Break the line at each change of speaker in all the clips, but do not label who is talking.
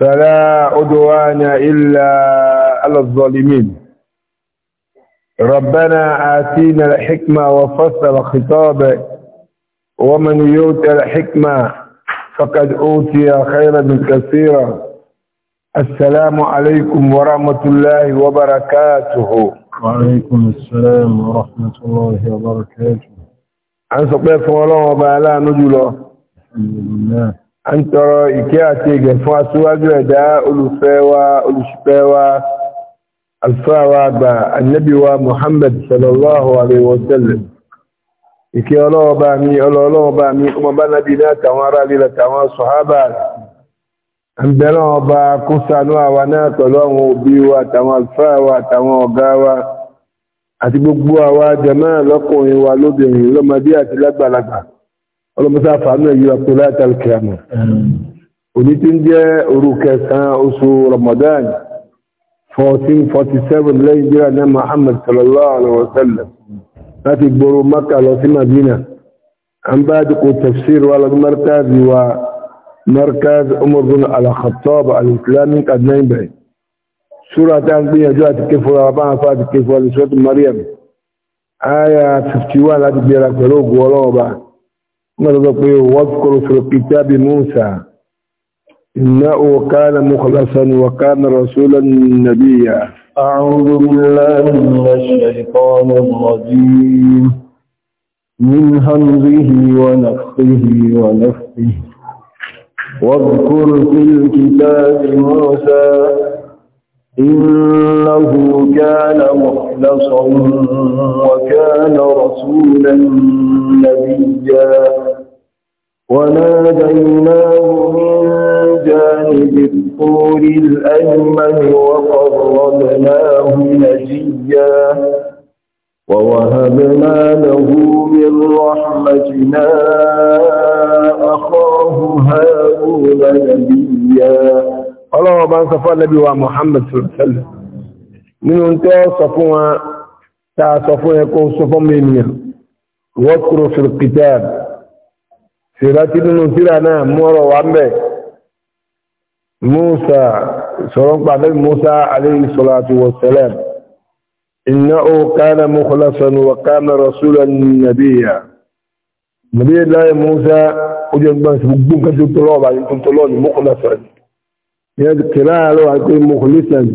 فلا عدوان إلا على الظالمين ربنا آتينا الحكمة وفصل خطابه ومن يؤتى الحكمة فقد أوتي خيرا كثيرا السلام عليكم ورحمة الله وبركاته وعليكم السلام ورحمة الله وبركاته عن سقيا الله وبعلا نجله الحمد لله a ń tọrọ ìkẹ́ àti ìgẹ̀ fún aṣíwájú ẹ̀dá olùfẹ́ wa olùṣìpẹ̀ wa alfáwa àgbà annabi wa muhammad sallallahu alaihi wasallam ìkẹ́ ọlọ́ọ̀bá mi ọlọ́ọ̀lọ́ọ̀bá mi ọmọ bá nábi náà tàwọn ará lílẹ̀ tàwọn sọ̀hábà ń bẹ̀rẹ̀ ọba kó ṣàánú àwa náà pẹ̀lú àwọn òbí wa tàwọn alfáà wa tàwọn ọ̀gá wa àti gbogbo àwa jàmáà lọ́kùnrin wa lóbìnrin lọ́mọdé àti lágbàlagbà ọlọ́mọsá fàánù ẹ̀yí ọkọ̀ láti alkiyama òní tí ń jẹ́ òru kẹsàn-án oṣù ramadan 1447 lẹ́yìn jẹ́ àná muhammad sallallahu alaihi wasallam láti gbòòrò maka lọ sí madina an bá dìkò tafsir wa lọ́dún markazi wa markaz umar bin al-khattab al-islami kadnayin bai sura ta ń gbìyànjú àti kéfura wa bá ń fa àti kéfura lè sọ́tún mariam aya láti gbéra pẹ̀lú ògùn ọlọ́wọ́ báyìí نرضى واذكر في الكتاب موسى إنه كان مخلصا وكان رسولا نبيا أعوذ بالله من الشيطان الرجيم من همزه ونفخه ونفخه واذكر في الكتاب موسى إنه كان مخلصا وكان رسولا نبيا وناديناه من جانب الطور الأيمن وقربناه نجيا ووهبنا له من رحمتنا أخاه هارون نبيا ọlọ́wọ́ bá ń sọ fún Ànábì wa Muhammad sọ̀rọ̀sẹ́lẹ̀ nínú tẹ́ sọ fún wa tá a sọ fún ẹkùn sọ fún mi ènìyàn wọ́kùrù fìrìkìtà sèrántí nínú síra náà mú ọ̀rọ̀ wa mbẹ̀ Musa sọ̀rọ̀ ń pàdé Musa alayhi salatu wa salam innahu kana mukhlasan wa kana rasulan nabiyya nabi Allah Musa ó jẹ́ gbọ́n sí gbogbo nǹkan tó yìí tó tọ́lọ́ ní mukhlasan ni kìrá àrọ àti mukhlisan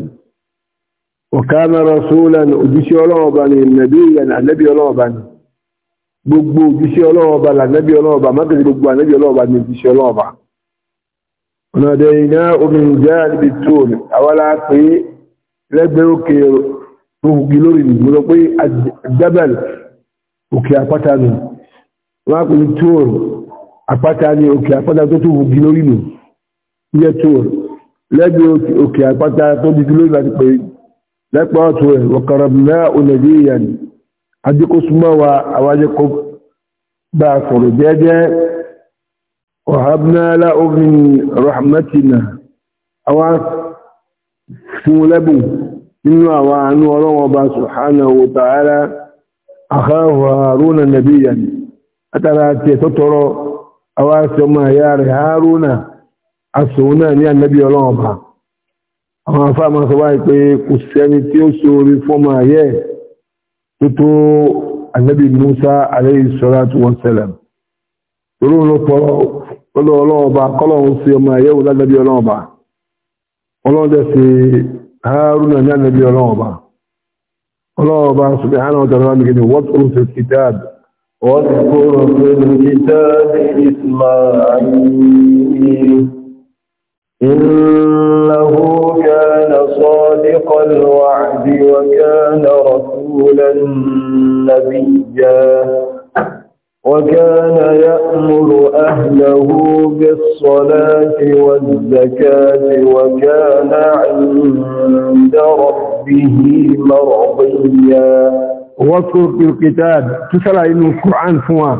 ọ̀kánà rasulan òjíṣẹ́ ọlọ́ọ̀bá ni nabiyyan ànábì ọlọ́ọ̀bá ni gbogbo òjíṣẹ́ ọlọ́ọ̀bá lànábì ọlọ́ọ̀bá mákàtí gbogbo ànábì ọlọ́ọ̀bá ni òjíṣẹ́ ọlọ́ọ̀bá ọ̀nàdẹ̀ iná omi ìjẹ́ àdìbì tóòl àwọ́lá pé lẹ́gbẹ́ òkè òhùgì lórí ìgbòrò pé àjábẹ̀l òkè àpáta nù wọ́n pè ní tóòl àpáta ní òkè àpáta tó tó hùgì lórí nù iye tóòl lẹ́bi òkè àpáta tó di dúró láti pé lẹ́pọ̀ ọ̀tún rẹ̀ wọ̀kàràmùná olèdí ìyàní adékòsúmọ́ wa àwájẹ́kó bá sọ̀rọ̀ jẹ́jẹ́ ọ̀hábnáàlá orin rahmatina àwọn fún lẹ́bùn nínú àwọn àánú ọlọ́wọ́n bá subhanahu wa ta'ala akhahu haruna nabiyyan asòun náà ní ànábì ọlọ́run ọba àwọn afá máa sọ báyìí pé kò sẹ́ni tí ó so orí fọ́mọ ayé tó tó ànábì Musa alayhi salatu wa salam torí ló pọ̀rọ̀ ọlọ́run ọba kọ́lọ́run sí ọmọ ayé wò lánàbí ọlọ́run ọba ọlọ́run dẹ̀ sí Haruna ní ànábì ọlọ́run ọba ọlọ́run ọba subhanahu wa ta'ala nìkan ni wọ́n tó fi واذكر في الكتاب إسماعيل إنه كان صادق الوعد وكان رسولا نبيا وكان يأمر أهله بالصلاة والزكاة وكان عند ربه مرضيا واذكر في الكتاب تسأل إنه القرآن فوان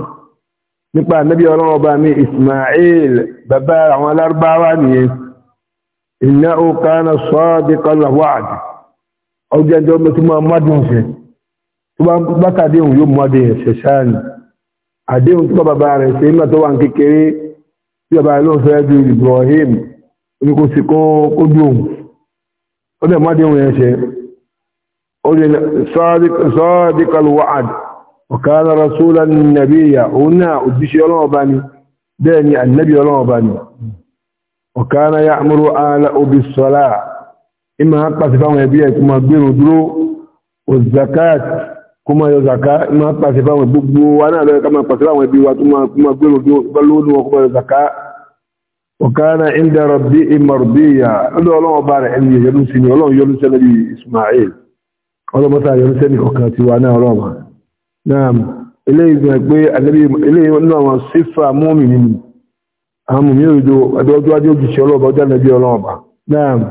نبقى النبي الله إسماعيل بابا ولا أربعة وانيس إنه كان صادق الوعد أو جاء جوما ثم مدن شيء ثم بقى دين يوم مدن شيء شان أدين ثم ببارة شيء ما توان كيكري يبقى لون سيد إبراهيم يقول سيكون قدوم وده مدن شيء صادق صادق الوعد وكان رسولا نبيا هنا أدشي الله باني داني النبي الله باني ọ̀kánà ya múrò ààlà obi sọ́lá ima pàṣẹ fáwọn ẹbí ẹ̀ kuma gbèrò dúró o zakat kuma yọ zaka ima pàṣẹ fáwọn gbogbo wa náà lọ́yẹ kama pàṣẹ fáwọn ẹbí wa kuma gbèrò dúró balóòdù wọn kuma yọ zaka ọ̀kánà inda rabbi imarbiya lọ́dọ̀ ọlọ́wọ́ bá rẹ̀ ẹni yẹnu sí ni ọlọ́wọ́ yọnu sẹ́ni bí Ismail ọlọ́mọta هم يريدوا أدوا أدوا يجيشوا الله بدل نبي الله نعم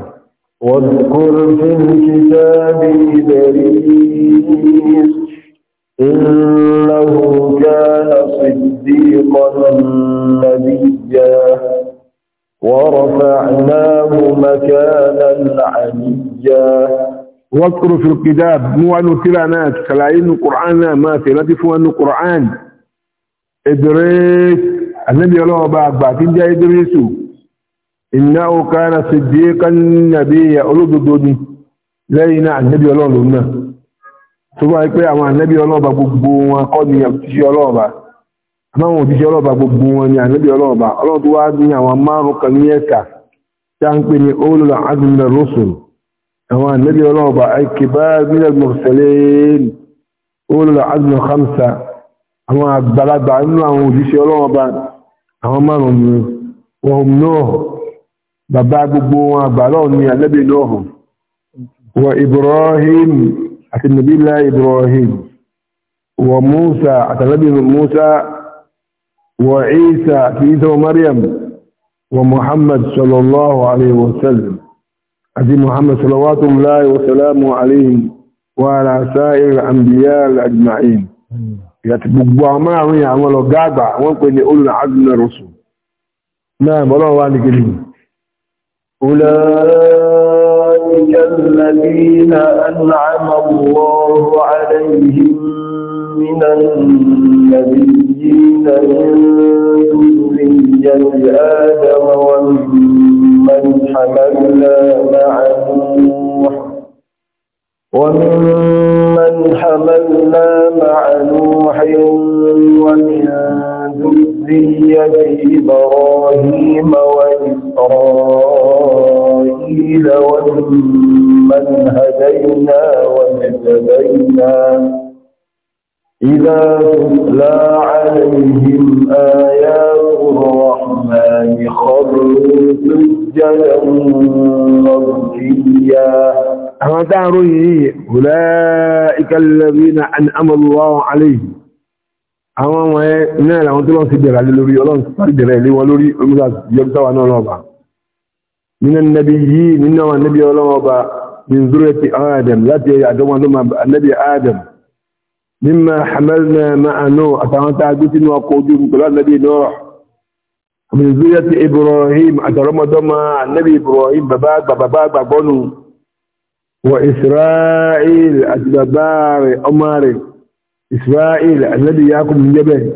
واذكر في الكتاب إدريس إنه كان صديقا نبيا ورفعناه مكانا عليا واذكر في الكتاب مو أنه تلعنات كلاين القرآن ما تلتفوا أنه قرآن إدريس annabi ọlọ́wọ́ bá àgbà tí ń jẹ́ idrisu iná òkà na sèdè kan nàbí ya olódodo ni lẹ́yìn náà annabi ọlọ́wọ́ náà tó bá pé àwọn annabi ọlọ́wọ́ gbogbo wọn kọ́ ni òjíṣẹ́ ọlọ́wọ́ àmáwọn òjíṣẹ́ ọlọ́wọ́ gbogbo wọn ni annabi ọlọ́wọ́ ọlọ́wọ́ tó wá ní àwọn márùn kan ní ẹ̀ka tá ń pè ní ulul azmi min ar-rusul àwọn ọlọ́wọ́ àwọn àgbàlagbà nínú àwọn òjíṣẹ́ ọlọ́wọ́ àwọn márùn-ún ni wọ́n náà bàbá gbogbo wọn àgbàlọ́ ní alẹ́bẹ̀ náà wọ Ibrahim àti nàbílá Ibrahim wọ Musa àtàlẹ́bẹ̀ Musa wọ Isa àti Isa wa Maryam wọ Muhammad sallallahu alaihi wasallam àti Muhammad sallallahu alaihi wa salamu wa ala sa'ir al-anbiya al-ajma'in ìyàtì gbogbo àwọn márùn àwọn ọlọ́gá àgbà wọ́n pè ní olùrà àdúnà rọ̀sùn náà mọ́lọ́ wá ní kìlì أولئك الذين أنعم الله عليهم من النبيين من ذرية آدم ومن حملنا مع نوح وممن حملنا مع نوح ومن ذرية إبراهيم وإسرائيل وممن هدينا واجتبينا إذا تتلى عليهم آيات الرحمن خروا سجدا مرجيا àwọn dáàrò yìí hùlẹ́ ikẹ́lẹ́bí na àmàlùwáwọn aléyìí àwọn ọmọ ẹ náà làwọn tó lọ́n sí bẹ̀rẹ̀ alẹ́ lórí ọlọ́run sí parí bẹ̀rẹ̀ ilé wọn lórí olúwa yọgbáwa náà lọ́ba nínú nàbí yìí nínú àwọn nàbí ọlọ́wọ́ ọba min zuriyati adam láti àdọ́wọ́n ló máa nàbí adam mímọ hamalna máa nù àtàwọn tá وإسرائيل أتبابار أمار إسرائيل الذي يأكل جبل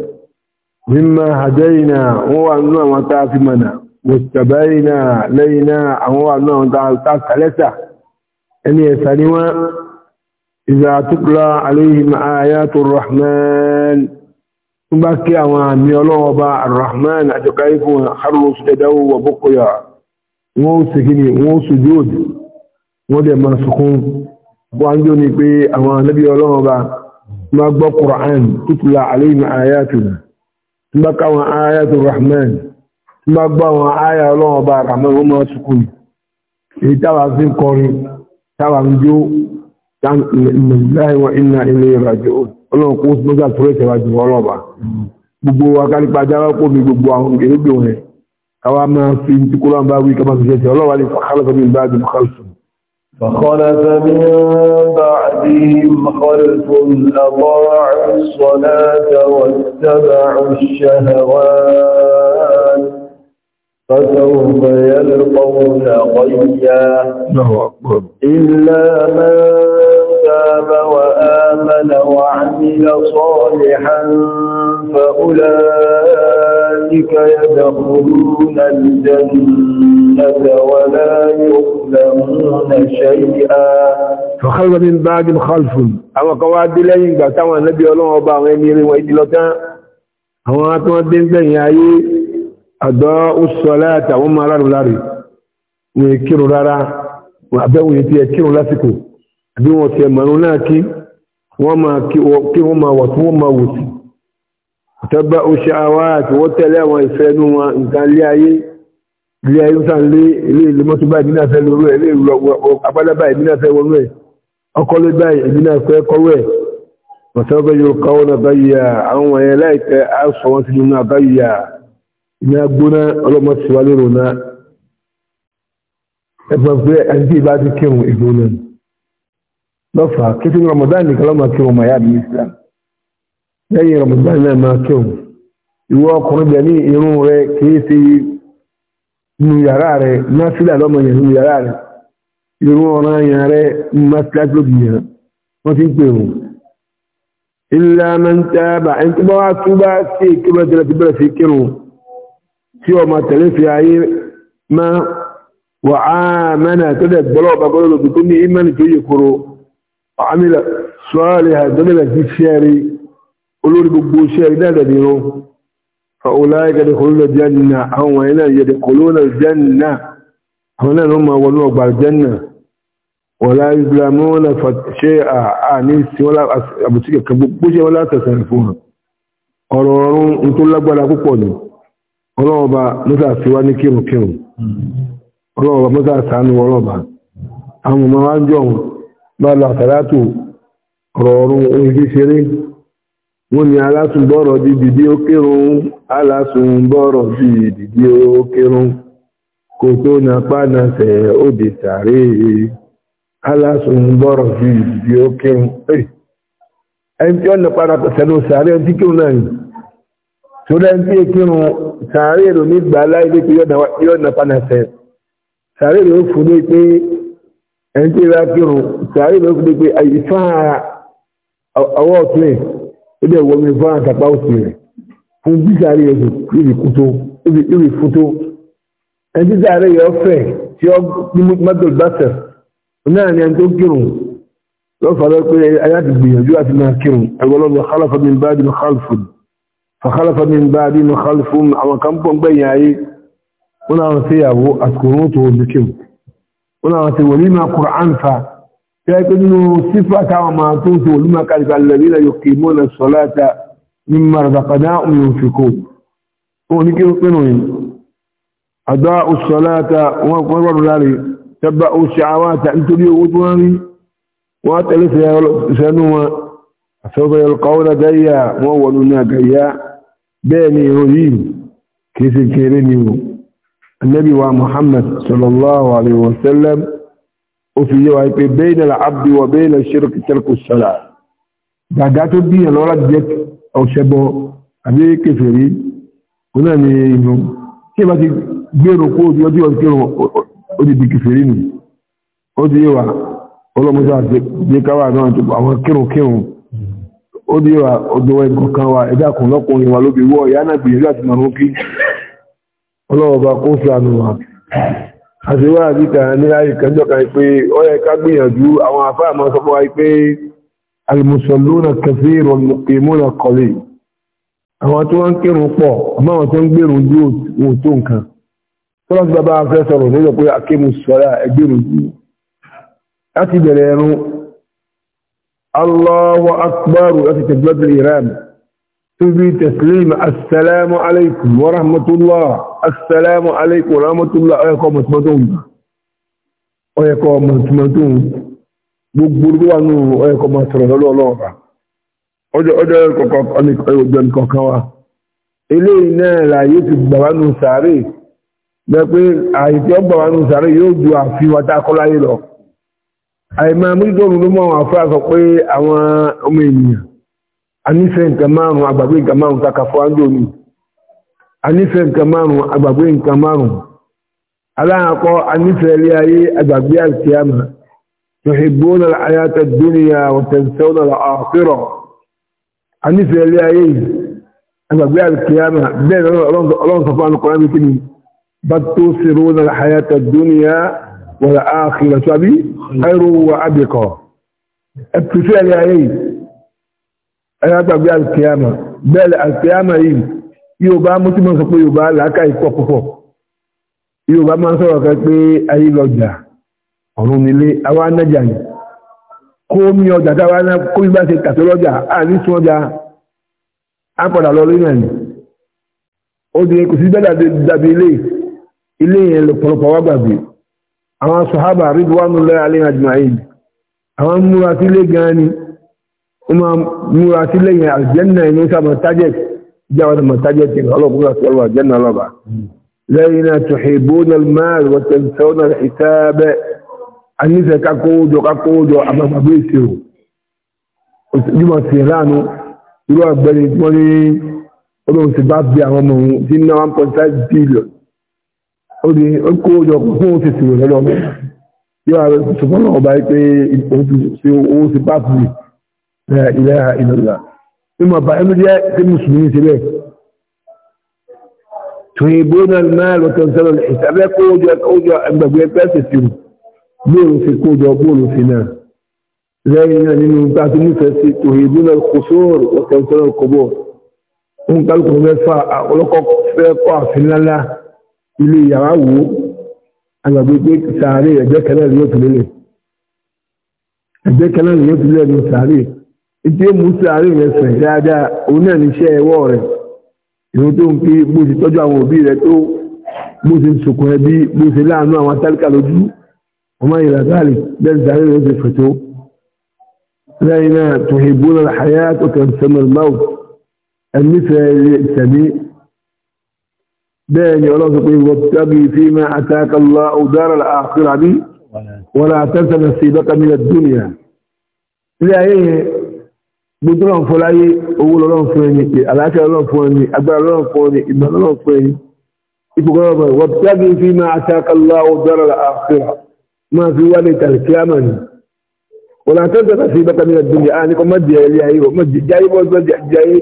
مما هدينا هو أنه متافمنا مستبينا لينا هو أنه متافلسة أن يسلم إذا تطلى عليهم آيات الرحمن بكي أمام يلوبا الرحمن أتكيف خروا سجدوا وبقيا موسكني موسجود wọ́n dẹ̀ máa sọkún wọ́n jọ ní pé àwọn anábí ọlọ́run bá ma gbọ́ Qur'an tutula alayhim ayatuna tí bá káwọn ayatu rahman tí bá gbọ́ àwọn aya ọlọ́run bá rahman wọ́n máa sọkún èyí táwa fi ń kọrin táwa ń jó láì wọn iná ilé ìrìnàjò ọlọ́run kó mọ́gà tóó tẹ̀wájú ọlọ́ba gbogbo akálípa jáwá kó mi gbogbo àwọn فخلف من بعدهم خلف أضاعوا الصلاة واتبعوا الشهوات فسوف يلقون غيا إلا من تاب وآمن وعمل صالحا فأولئك يدخلون الجنة ولا يظلمون شيئا فخلف من بعد خلف أما قواعد لين قاتوا النبي الله أبا غير وإدلتان أما أتوا الدين بين àdọ́ òṣìṣọ́lá àtàwọn ọmọ aráàlú láre wọ́n kírun rárá wọ́n bí wọ́n ti ẹ̀mọ̀rún náà kí wọ́n máa kí wọ́n máa wọ̀ tí wọ́n máa wò sí tẹ́gbà oṣù àwa àti wọ́n tẹ̀lé àwọn ìfẹ́ inú wọn nǹkan lé ayé ilé ayé ń sàn lé ilé ìlú mọ́tò báyìí nínú àfẹ́ lórí ẹ̀ ilé ìlú abádá báyìí nínú àfẹ́ wọnú ẹ̀ ọkọlé báyìí èmi náà fẹ́ kọ́wọ́ ẹ̀ lọ́fà kéfì Ramadan nìkan lọ́mọ kí wọn máa bí Islam lẹ́yìn Ramadan náà máa kí wọn ìwọ ọkùnrin bẹ̀ ní irun rẹ kìí ṣe nu yàrá rẹ násílà lọ́mọ yẹn nu yàrá rẹ irun ọ̀ràn yẹn rẹ násílà tó bì yẹn wọ́n ti ń pè wọn. ilé anáńtà bá ẹni tó bá wá tún bá sí ìkébẹ̀ tẹ́lẹ̀ ti bẹ̀rẹ̀ sí kírun tí ọmọ tẹ̀lé fi ayé máa wà á mẹ́nà tó dẹ̀ gbọ́lọ́ ọ̀bà gbọ́lọ́ àmìlà sọ́ọ̀lẹ̀ àdọ́lẹ̀ sí ṣẹ́rí olórí gbogbo ṣẹ́rí dáadáa ni wọn fàúláì gẹ̀dẹ̀ kòlónà jẹ́nà àwọn ẹ̀nà yẹ̀dẹ̀ kòlónà jẹ́nà àwọn náà ma wọnú ọgbà jẹ́nà wọ́n láì gbàmọ́ na fàṣẹ́ àní sí wọ́n àbùtí kẹ̀kẹ́ gbogbo ṣe wọ́n látẹ̀sẹ̀ fún ọ̀rọ̀ ọ̀run tó lágbára púpọ̀ ni ọlọ́ọ̀ba mọ́sà sí wá ní sánú ọlọ́ọ̀ba àwọn ọmọ wa ń jọ bá lọ àtàlátù rọrùn orí ṣeré wọ́n ni alásùnbọ́rọ̀ di dìdí ó kírun alásùnbọ́rọ̀ di dìdí ó kírun kò tó na pánasẹ̀ ó di tààrí alásùnbọ́rọ̀ di dìdí ó kírun ẹni tí ó na pánasẹ̀ ló sàárẹ̀ ẹni tí kírun náà ni tó lẹ́ni tí kírun sàárẹ̀ ló ní gbà láìlé pé yóò na pánasẹ̀ sàárẹ̀ ló fún ní pé ẹni tí ó bá kírun sàárè ló fi dé pé ìfáà ọwọ́ ọ̀tún ẹ̀ ó dẹ̀ wọ́n mi fáà tàpá òsì rẹ̀ fún bí sàárè yẹn ìrì kútó ìrì fútó ẹni tí sàárè yẹn ọ̀fẹ́ tí ó ní mọ́tò gbàtẹ̀ náà ni ẹni tó kírun lọ́fàá pé ayáti gbìyànjú àti máa kírun ẹgbọ́lọ́gbọ̀ khalafa min ba'di khalfun fa khalafa min ba'di khalfun àwọn kan pọ̀ gbẹ̀yìn ayé wọ́n àwọn sí ìyàwó àsìkò rúntò òbíkìm wọ́n àwọn sí wọlé máa Qur'an fa pé nínú sífà táwọn máa tó tó olúmọ kálífà lẹ́bí ilẹ̀ yóò kì í mọ́nà sọ́láta ní marzakadá omi òfìkò wọn ní kí ó pínu yìí àdá òṣọ́láta wọn kọ́ rọrùn láre tẹ́bà òṣì àwáta nítorí owó tó wọ́n rí wọ́n tẹ̀lé sẹ́nu wọn àsọ́fẹ́ ọlọ́kọ́ náà gáyà wọ́n wọnú náà gáyà bẹ́ẹ̀ ni ìròyìn kìí ṣe kéré ni wọn annabi wa muhammad sallallahu alaihi wasallam ó fi yé wa pé bẹ́ẹ̀nà àbí wọ bẹ́ẹ̀nà ṣírkì tẹ́lẹ̀kù sọ́lá gàgá tó bí ẹ̀ lọ́la jẹ́ ọ̀ṣẹ́bọ àbí kẹfẹ́rí òun náà ni inú tí ìbá ti gbèrò kó o ti ọdí ọdí kẹrò ó ti di kẹfẹ́rí nù ó ti yé wa ọlọ́mọdé àti jẹ́káwá náà tó àwọn kẹrò kẹrò ó di wa ọdọwọ ẹ̀gbọ́n kan wa ẹ̀dá kan lọ́kùnrin wa lóbi wọ ìyá náà gbìyànjú àti màrún kí ọlọ́wọ́ bá kó sànù wa àṣewá àbíkà níláyè kanjọ́ka pé ó yẹ ká gbìyànjú àwọn àfáà máa sọ fún wa pé almusalluna kathirun muqimuna qalil àwọn tí wọ́n ń kírun pọ̀ àmọ́ àwọn tí wọ́n ń gbèrún dúró wò tó nǹkan tọ́lá ti bàbá afẹ́ sọ̀rọ̀ nígbà pé akému sọ́ra ẹgbẹ̀rún láti bẹ̀rẹ̀ ẹnu Allahu akbar láti tẹ̀gbẹ́bìrì rẹ̀ تبي تسليم السلام عليكم ورحمة الله السلام عليكم ورحمة الله أيكم متمتون أيكم متمتون gbogbo wa nù ọ̀yẹ́ kọ́ máa sọ̀rọ̀ lọ́wọ́ ọlọ́ọ̀bà ọjọ́ ọjọ́ kọ̀ọ̀kan ọjọ́ nìkọ̀ọ̀kan wa eléyìí náà láàyè ti gbàwá nù sàárè bẹ́ẹ̀ pé àyè tí ó gbàwá nù sàárè yóò ju àfihàn tá a kọ́ láyé lọ àyè máa mú ìdóòrùn ló mọ àwọn afárá sọ pé àwọn ọmọ ènìyàn anífẹ́ nǹkan márùn-ún àgbàgbé nǹkan márùn-ún takàfọ́ àndòmí anífẹ́ nǹkan márùn-ún àgbàgbé nǹkan márùn-ún aláàkọ́ anífẹ́ ilé ayé àgbàgbé àkíyàmà tuhibbuna al-hayata ad-dunya wa tansawna al-akhirah anífẹ́ ilé ayé àgbàgbé àkíyàmà bẹ́ẹ̀ ọlọ́run sọ fún alukọ́rán kí ni bal tusiruna al-hayata wa abqa ẹ̀ pẹ̀sẹ̀ ẹgbàgbé alkiyama bẹ́ẹ̀lẹ̀ alkiyama yìí Yorùbá mọ́símọ̀ sọ pé Yorùbá làákà ikọ̀ púpọ̀ Yorùbá máa ń sọ̀rọ̀ kan pé ayé lọ́jà ọ̀run nílé àwa nájà yìí kó mi ọjà táwa náà kó mi bá ṣe tàtó lọ́jà àní sun ọjà á padà lọ lórí nàní ó máa múra sí lẹ́yìn àjẹ́nà inú sábà target jáwọn mọ̀ target ní ọlọ́pùpù àti ọlọ́ àjẹ́nà ọlọ́bà lẹ́yìn náà tuhibbuna al-mal wa tansawna al-hisab anífẹ́ kakówójọ kakówójọ àbàbàbà ìṣirò ojúmọ̀ sí ìlànà irú àgbẹ̀rẹ̀ tí wọ́n ní olóhùn sí bá bí àwọn la ilaha illallah ìmọ̀ bá ẹnu jẹ́ tí mùsùlùmí ti bẹ́ẹ̀ tuhibuna al-mal wa tansawna al-hisab kó jọ ọjọ́ ẹgbẹ̀gbẹ̀ pẹ́sì sí bóòlù sí kó jọ bóòlù sí náà lẹ́yìn náà nínú tàbí nífẹ̀ẹ́ sí tuhibuna al-qusur wa tansawna al-qubur ń kálukú mẹ́fà ọlọ́kọ̀ fẹ́ kọ́ àfinlálá ilé ìyàwó wò àgbàgbé pé sàárè ẹ̀jẹ̀ kẹlẹ́ ni yóò fi lélẹ̀ ẹ̀jẹ̀ kẹlẹ́ ni yóò fi lélẹ̀ ní sàárè ìdí èmùsù àárín rẹ̀ sẹ̀ dáadáa òun náà níṣẹ́ ẹwọ́ rẹ̀ ìwọ́n tó ń pé bó ṣe tọ́jú àwọn òbí rẹ̀ tó bó ṣe ń sokùn ẹbí bó ṣe láàánú àwọn atálíkà lójú ọmọ ìlàgáàlì bẹ́ẹ̀ sáré rẹ̀ ṣe fẹ̀tọ́ lẹ́yìn náà tó ṣe gbóná àyà tó kàn sẹ́mọ̀ máwù ẹ̀mí fẹ́ tẹ̀mí bẹ́ẹ̀ ni ọlọ́sọ pé wọ́n tábí fi máa àtàkàlá ọ̀dára àkírà bí wọ́n gbogbo ọ̀n fọ́ láyé owó lọ́rọ̀ fún ẹni àlàáfíà lọ́rọ̀ fún ẹni agbára lọ́rọ̀ fún ẹni ìgbà lọ́rọ̀ fún ẹni ìpòkọ́ lọ́rọ̀ fún ẹni wọ́n tẹ́gì fi máa ṣàkàlá ọjọ́rọ̀ àfihàn máa fi wálé tàlìkíámà ni wọ́n láti tẹ́tẹ́ sí bàtà mi lọ́dún yìí àní kọ́ má di ẹ̀rí ayé wọ́n má di jáyé bọ́ gbọ́ jáyé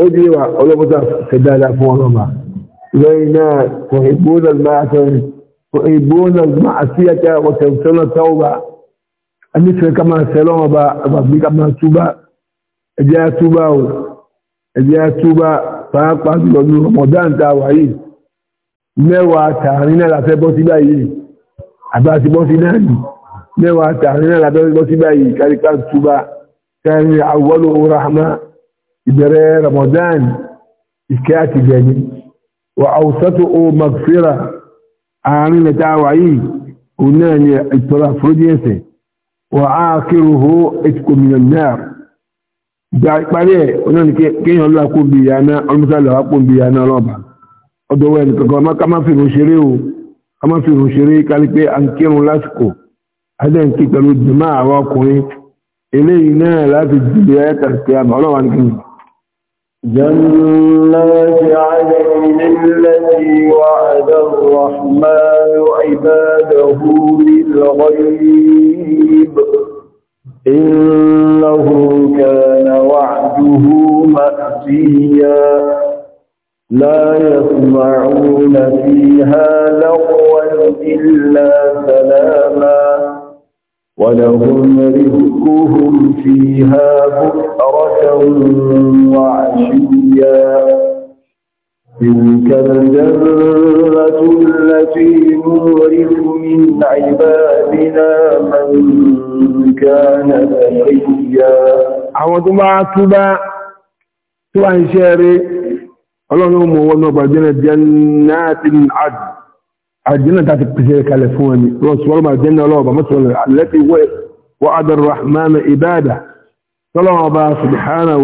ó di wa ọlọ́pọ̀tà fẹ̀dáadáa fún ọlọ́mà lẹ́yìn náà kò ìgbóná máa sọ ìgbóná máa sí ẹjẹ́ àtúbà o ẹjẹ́ àtúbà pàápàá jùlọ ní Ramadan tá a wà yìí mẹ́wàá tààrin náà la fẹ́ bọ́ sí báyìí àbá ti bọ́ sí náà nì mẹ́wàá tààrin náà la bọ́ sí báyìí káríká túbà kárí àwọlò rahma ìbẹ̀rẹ̀ Ramadan ìkẹ́ àti gẹ̀ẹ́ni wà àwùsọ́tò o magfira àárín náà wà yìí òun náà ni ìtọ́ra fúrúdíẹ̀sẹ̀ wà á kéròhó ètùkò mìíràn náà gba ìparí ẹ̀ onáni kéèyàn lọ àpò bí ìyáná ọlọ́mọsá lọ àpò bí ìyáná ọlọ́ọ̀bà ọdọ̀ wẹ̀ nìkankan ọmọ ká má fi rùn ṣeré o ká má fi rùn ṣeré kárí pé à ń kírun lásìkò adẹ́ǹkì pẹ̀lú jùmọ́ àwọn ọkùnrin eléyìí náà láti jìbì ayẹ́ta sí àmà ọlọ́wà ní kìnnì. جنات وعد الرحمن عباده بالغيب حسيا لا يسمعون فيها لغوا إلا سلاما ولهم رزقهم فيها بكرة وعشيا تلك الجنة التي نورث من عبادنا من كان تقيا أعوذ بالله tí wá ń ṣe eré ọlọ́run mọ̀ wọn náà gbàgbẹ́nà jannatin àjẹ́nà tàbí pèsè kalẹ̀ fún ẹni rọ̀sùwọ́lọ́mà jẹ́nà ọlọ́ọ̀bà mọ́sùlọ́lẹ̀ alẹ́tí wa'ada ar-rahman ibada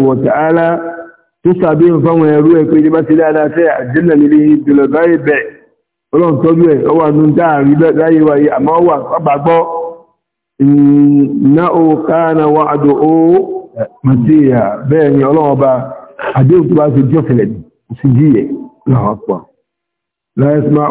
wa ta'ala tó sàbí ẹrú pé jẹba ti dáadáa nílé báyìí àdéhùn tó bá ṣe jọ́ fẹ̀lẹ̀ ní sí jíyẹ̀ láwọ́pọ̀ láìsímá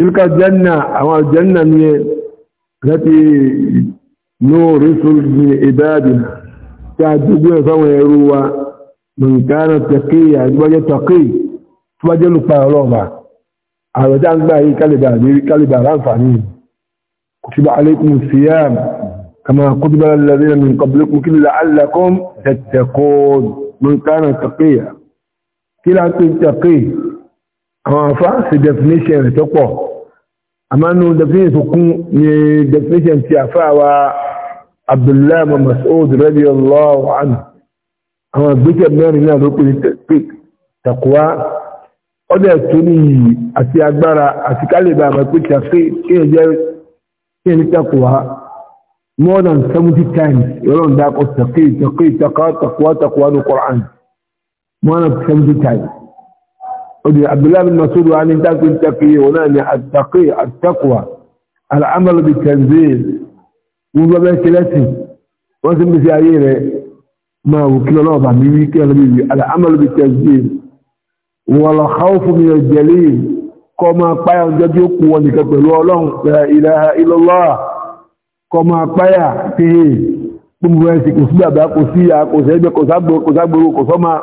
tilka janna àwọn janna ni láti nóòrí sórí ìbáàdì tí a dúgbò ẹ̀fọ́wọ̀n ẹrú wa nǹkan tẹ̀kí àgbọ́jẹ́ tọ́kí tó bá jẹ́ lùpa ọlọ́ọ̀bà àrọ̀dá ń gbà yí kálìbà àbírí kálìbà ráǹfààní kùtùbà alaykum siyam kama kùtùbà alladhina min qablikum kí la'allakum tattaqun nǹkan tẹ̀kí kí láti tẹ̀kí àwọn afá sí definition rẹ̀ tó amma nu definition hukun ne definition ti afawa abdullahi ma mas'ud radiyallahu anhu àwọn gbèsè mẹ́rin náà ló pè pé takuwa ọdẹ tó ní yìí àti agbára àti kálíbà àmọ́ pé tàfé kí ẹ jẹ kí ẹ ní takuwa more than seventy times yọrọ ń dákọ tàfé tàfé takuwa takuwa takuwa ní Qur'an more than seventy times ودي عبد الله بن مسعود عن ذاك التقي هنا التقي التقوى العمل بالتنزيل وما كلاسي واسم بسياريه ما وكل الله بعمي كلامي العمل بالتنزيل ولا خوف من الجليل كما قيا جدي قوه لكبل الله لا اله الا الله كما قيا فيه بمبسك وسبا كوسيا كوسيا كوسابو كوسابو كوسما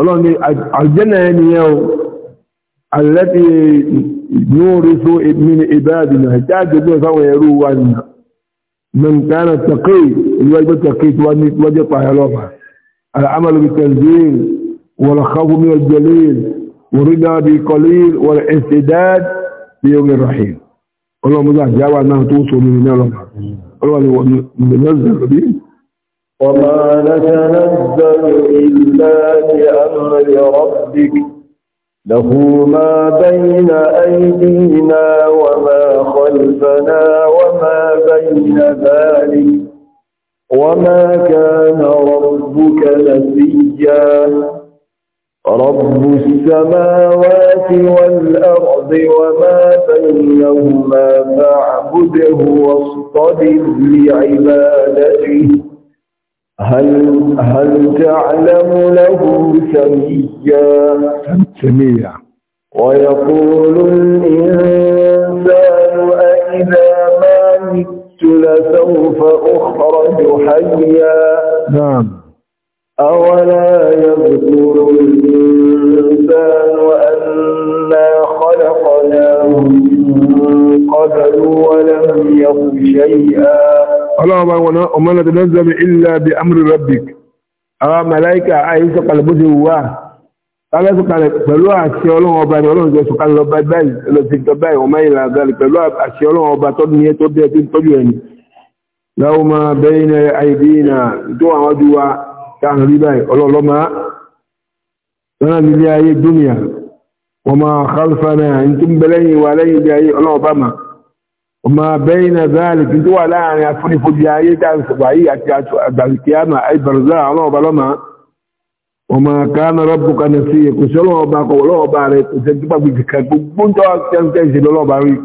ọlọ́run ni àjẹ́nà ẹniyàn o alẹ́bí lóòrí fún ìmìnì ìbáàdìnà tí a jẹ́gbẹ́ sáwọn ẹrú wa ní mẹ́ǹkanà tàkì ìwájú tàkì tí wọ́n ní wájẹ́ pàyàlọ́fà al'amalu bi tanzil wal khawfu min al jalil wal rida bi qalil wal istidad bi yawm ar rahim ọlọ́run mo jà jáwà náà tó sọ mi ní ọlọ́run ọlọ́run ni wọ́n ní mẹ́lẹ́zẹ̀ lóbi وما نتنزل إلا بأمر ربك له ما بين أيدينا وما خلفنا وما بين ذلك وما كان ربك نسيا رب السماوات والأرض وما بينهما فاعبده واصطبر لعبادته هل هل تعلم له سميا سميا ويقول الإنسان أإذا ما مت لسوف أخرج حيا نعم أولا يذكر الإنسان أنا خلقناه من قبل ولم يق شيئا ọlọ́ọ̀bá wọn ọmọ náà tẹ́lẹ̀ zọ́bẹ̀ ilẹ̀ bí amúrí rọ́bìk àwọn mẹ́láìkà àìsọ kalẹ̀ bó ti wà tálẹ́ sọ kalẹ̀ pẹ̀lú àṣẹ ọlọ́wọ́ ọba ni ọlọ́run jọ sọ kalẹ̀ lọ báyìí lọ sí ìjọba ìwọ̀n mẹ́rin làgbàlẹ̀ pẹ̀lú àṣẹ ọlọ́wọ́ ọba tọ́dún yẹn tó bẹ́ẹ̀ tó ń tọ́jú ní àìdíyìnà وما بين ذلك دوا لا يعني أفني فجاية دار سبعية دار القيامة أي برزاء الله بلما وما كان ربك نسيا كسلوا باك ولا بارك كسلوا بك كبون توا كان كسل الله بارك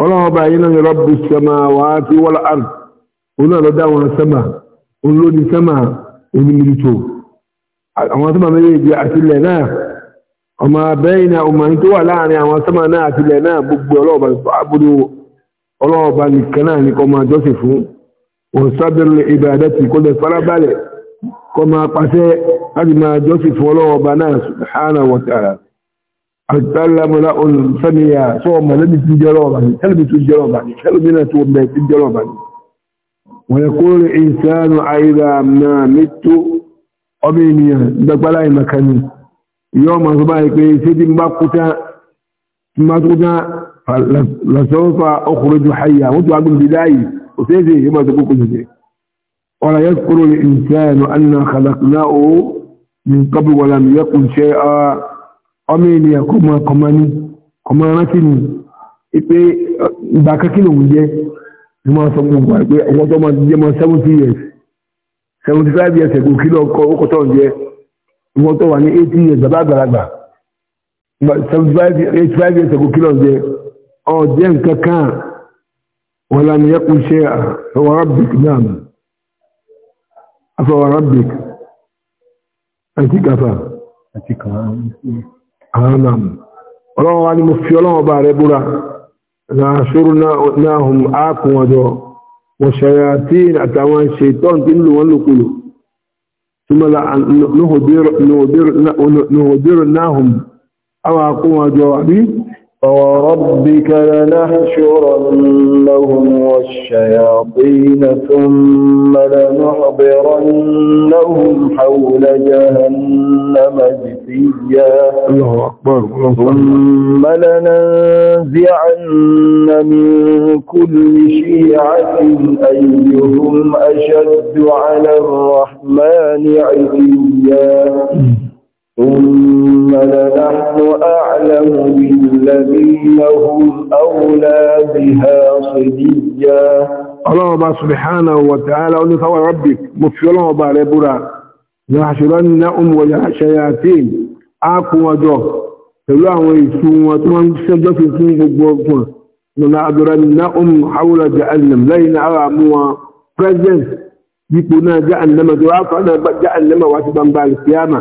الله بارك رب السماوات والأرض هنا رداونا السماء ونلوني سماء ونملتو أما سماء مليجي أسلنا ọmọ abẹ́yìn náà ọmọ tó wà láàrin àwọn sọ́mà náà àti ilẹ̀ náà gbogbo ọlọ́ọ̀bà àbúrò ọlọ́ọ̀bà nìkan náà ní kọ́ máa jọ́sìn fún wọn sábẹ́rẹ̀ ìbàdàn tí kò lè farabalẹ̀ kọ́ máa pàṣẹ láti máa jọ́sìn fún ọlọ́ọ̀bà náà hànà wọ̀tàrà àtàlámọ́lá olùsọ́niyà sọ́ọ̀mà lẹ́bi tí jẹ́ ọlọ́ọ̀bà ní yóò máa sọ báyìí pé ṣé tí n bá kú tán tí n bá kú tán lọ́sọ́fà ọkùnrin ju àyà wọ́n ti wá gbọ́n bídá yìí kò sí èsì yóò máa sọ kókò ṣe ọ̀rọ̀ yẹn kúrò ní ìṣẹ́yẹnu anna kàlàkùnà ó ní kọ́bù wọlá mi yẹkùn ṣe ọmọ ènìyàn kọ́ máa kọ́ máa ní kọ́ máa rántí ni pé ìgbà kékeré òun jẹ́ ni wọ́n sọ fún wa pé tó máa jẹ́ mọ́ seventy years 75 years ẹ̀kọ́ kí lọ́ọ́ kọ́ kọ́ wọ́n tó wà ní eighty years bàbá àgbàlagbà seventy five eighty five years ago kìlọ̀ jẹ ọ jẹ́ nǹkan kan wọn lànà yẹ kó ṣe àwọn arabic náà afọ arabic àti kàfà àti kàfà ah, ọlọ́wọ́ wa ni mo fi ọlọ́wọ́ bá rẹ búra náà ṣòro náà hùn ákùn ọjọ́ wọ̀ṣẹ̀yà tí àtàwọn ṣètọ́n tí ń lòkulò. ثم نهدرناهم أو أقوم جوابي فوربك لنحشرنهم والشياطين ثم لنحضرنهم حول جهنم جثيا الله أكبر ثم لننزعن من كل شيعة أيهم أشد على الرحمن عزيا ثم لنحن أعلم بالذين هم أولى بها صديا الله سبحانه وتعالى أن يطوى ربك مفيرا وباربرا يحشرنهم ويحشياتين آكوا وجوه pẹ̀lú àwọn ètò wọn tó wọ́n ṣẹ́jọ́ fi fún gbogbo ọgbọ̀n lọ́nà àdúrà náà um haúlà jahannam lẹ́yìn náà àwọn àmú wọn president yípo náà jahannam tó wá kọ́ náà jahannam wá sí gbangba alìsíyàmà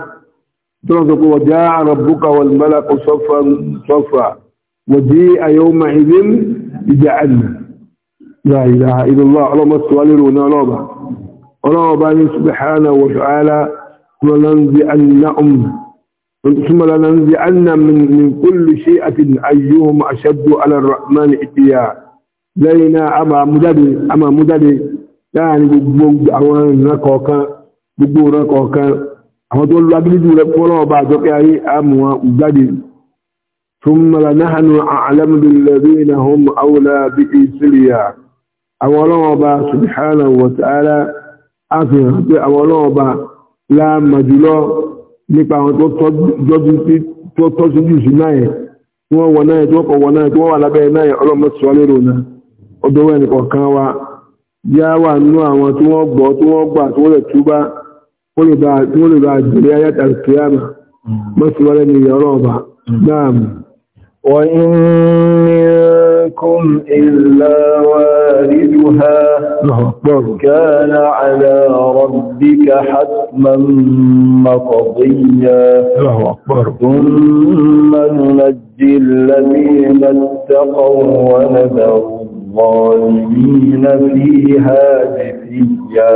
تنظر وجاء ربك والملك صفا صفا وجيء يومئذ بجعلنا لا إله إلا الله اللهم السؤال رونا لوبا ربنا سبحانه وتعالى ولننزعنهم ثم لننزعن من, من كل شيء أيهم أشد على الرحمن إتيا لينا أما مدري أما مدري يعني بوجود أولا نكوكا بوجود نكوكا àwọn tó lọ abínidù rẹ̀ fọ́lọ́wọ́ bá àjọ́kẹ́ ayé àmúwa ìjáde ثم لنحن أعلم بالذين هم أولى بإسليا أولوبا سبحانه وتعالى أفهم أولوبا لا مجلو nípa àwọn tó tọ́jú sí náà tí wọ́n wọ̀n náà tí wọ́n kọ̀ wọ̀n náà tí wọ́n wà lábẹ́ náà ọlọ́mọsọ lérò àwọn tí wọ́n wọ́n lè bá jẹ́rí ayáta kìíyàmà mọ́síwọ́lẹ́ ni yọ̀rọ̀ ọba náàm wọ́n منكم إلا واردها كان على ربك حتما مقضيا ثم ننجي الذين اتقوا ونذر الظالمين فيها جثيا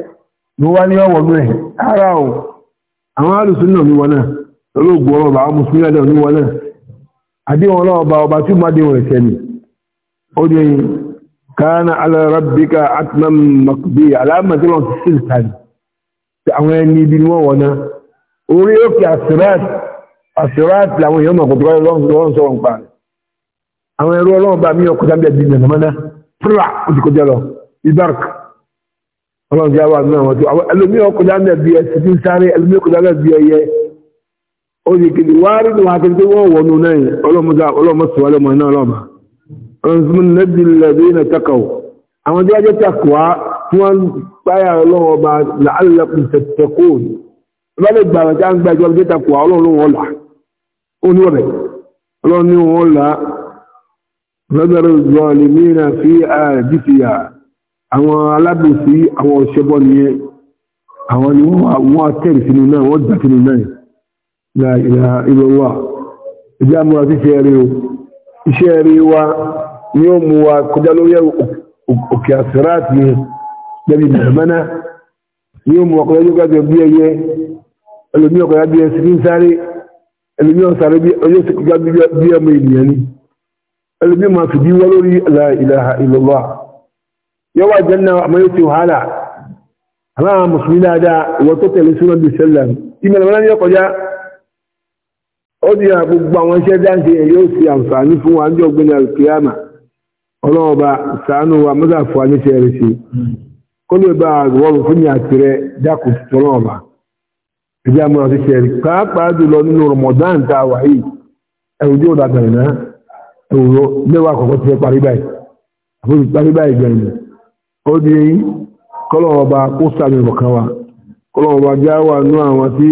ló wá ní ọwọ́ mẹ́ ara o àwọn alùsùn náà ní wọn náà lọ́lọ́gbọ̀ ọ̀rọ̀ àwọn mùsùlùmí náà ní wọn náà àdéhùn ọlọ́ọ̀bà ọba tí má déhùn ẹ̀sẹ̀ ni ó ní kánà alárabíkà atman makbi alámàtí wọn ti sí ìtàní tí àwọn ẹni ibi ni wọn wọn náà orí òkè asirat ọlọ́run jáwà ní àwọn tó àwọn ẹlòmí ọkọ̀dá náà bí ẹsẹ̀ tí ń sáré ẹlòmí ọkọ̀dá náà bí ẹyẹ ó di kìlì wá rí ní wọn akẹ́kẹ́ tó wọ́n wọnú náà ọlọ́mọdá ọlọ́mọsọ ọlọ́mọ iná ọlọ́mọ ọlọ́mọ nẹ́bí lẹ́bí iná takọ̀ àwọn tí wọ́n jẹ́ takọ̀ á tí wọ́n gbáyà ọlọ́wọ́ bá làálẹ̀kùn tẹ̀tẹ̀kùn àwọn alábòsí àwọn ọ̀ṣẹ́bọ́ nìyẹn àwọn ni wọ́n àtẹ́rì sínú náà wọ́n jà sínú náà la ilaha illallah ìjá múra sí iṣẹ́ rí o iṣẹ́ rí wa ni ó mú wa kọjá lórí òkè àsìráàtì lẹ́bi mọ̀lẹ́mọ́ná ni ó mú wa kọjá lórí bí ẹyẹ ẹlòmí ọkọjá bí ẹsì ní sáré ẹlòmí ọ̀sáré bí ọjọ́ sí kọjá bí ọmọ ènìyàn ni ẹlòmí máa fìdí wọ́ lórí la ilaha yóò wà jẹ́nà àmọ́ yóò ti wàhálà aláwọ̀ mùsùlùmí dáadáa ìwọ tó tẹ̀lé súnà bí sẹ́lẹ̀ ìmọ̀lẹ̀ wọn ní ọkọjá ó di gbogbo àwọn iṣẹ́ dáńṣe yẹn yóò fi àǹfààní fún wa níjọ́ gbẹ́ni alkiyama ọlọ́wọ́ bá sàánú wa mọ́tà fún wa níṣẹ́ rẹ̀ sí kó lè bá àgbọ̀wọ́ fún mi àti rẹ̀ dákùn tọ́lọ́ ọ̀bà ìjà ti ṣe rí pàápàá jùlọ nínú Ramadan tá wà yìí ẹ̀rù yóò dàgbà ìná ẹ̀rù mẹ́wàá kọ̀ọ̀kan ti fẹ́ parí báyìí àbúrò parí báyìí gbẹ̀yìn ó di kọ́lọ̀ọba kó sàmì ọ̀kan wa kọ́lọ̀ọba já wà ní àwọn tí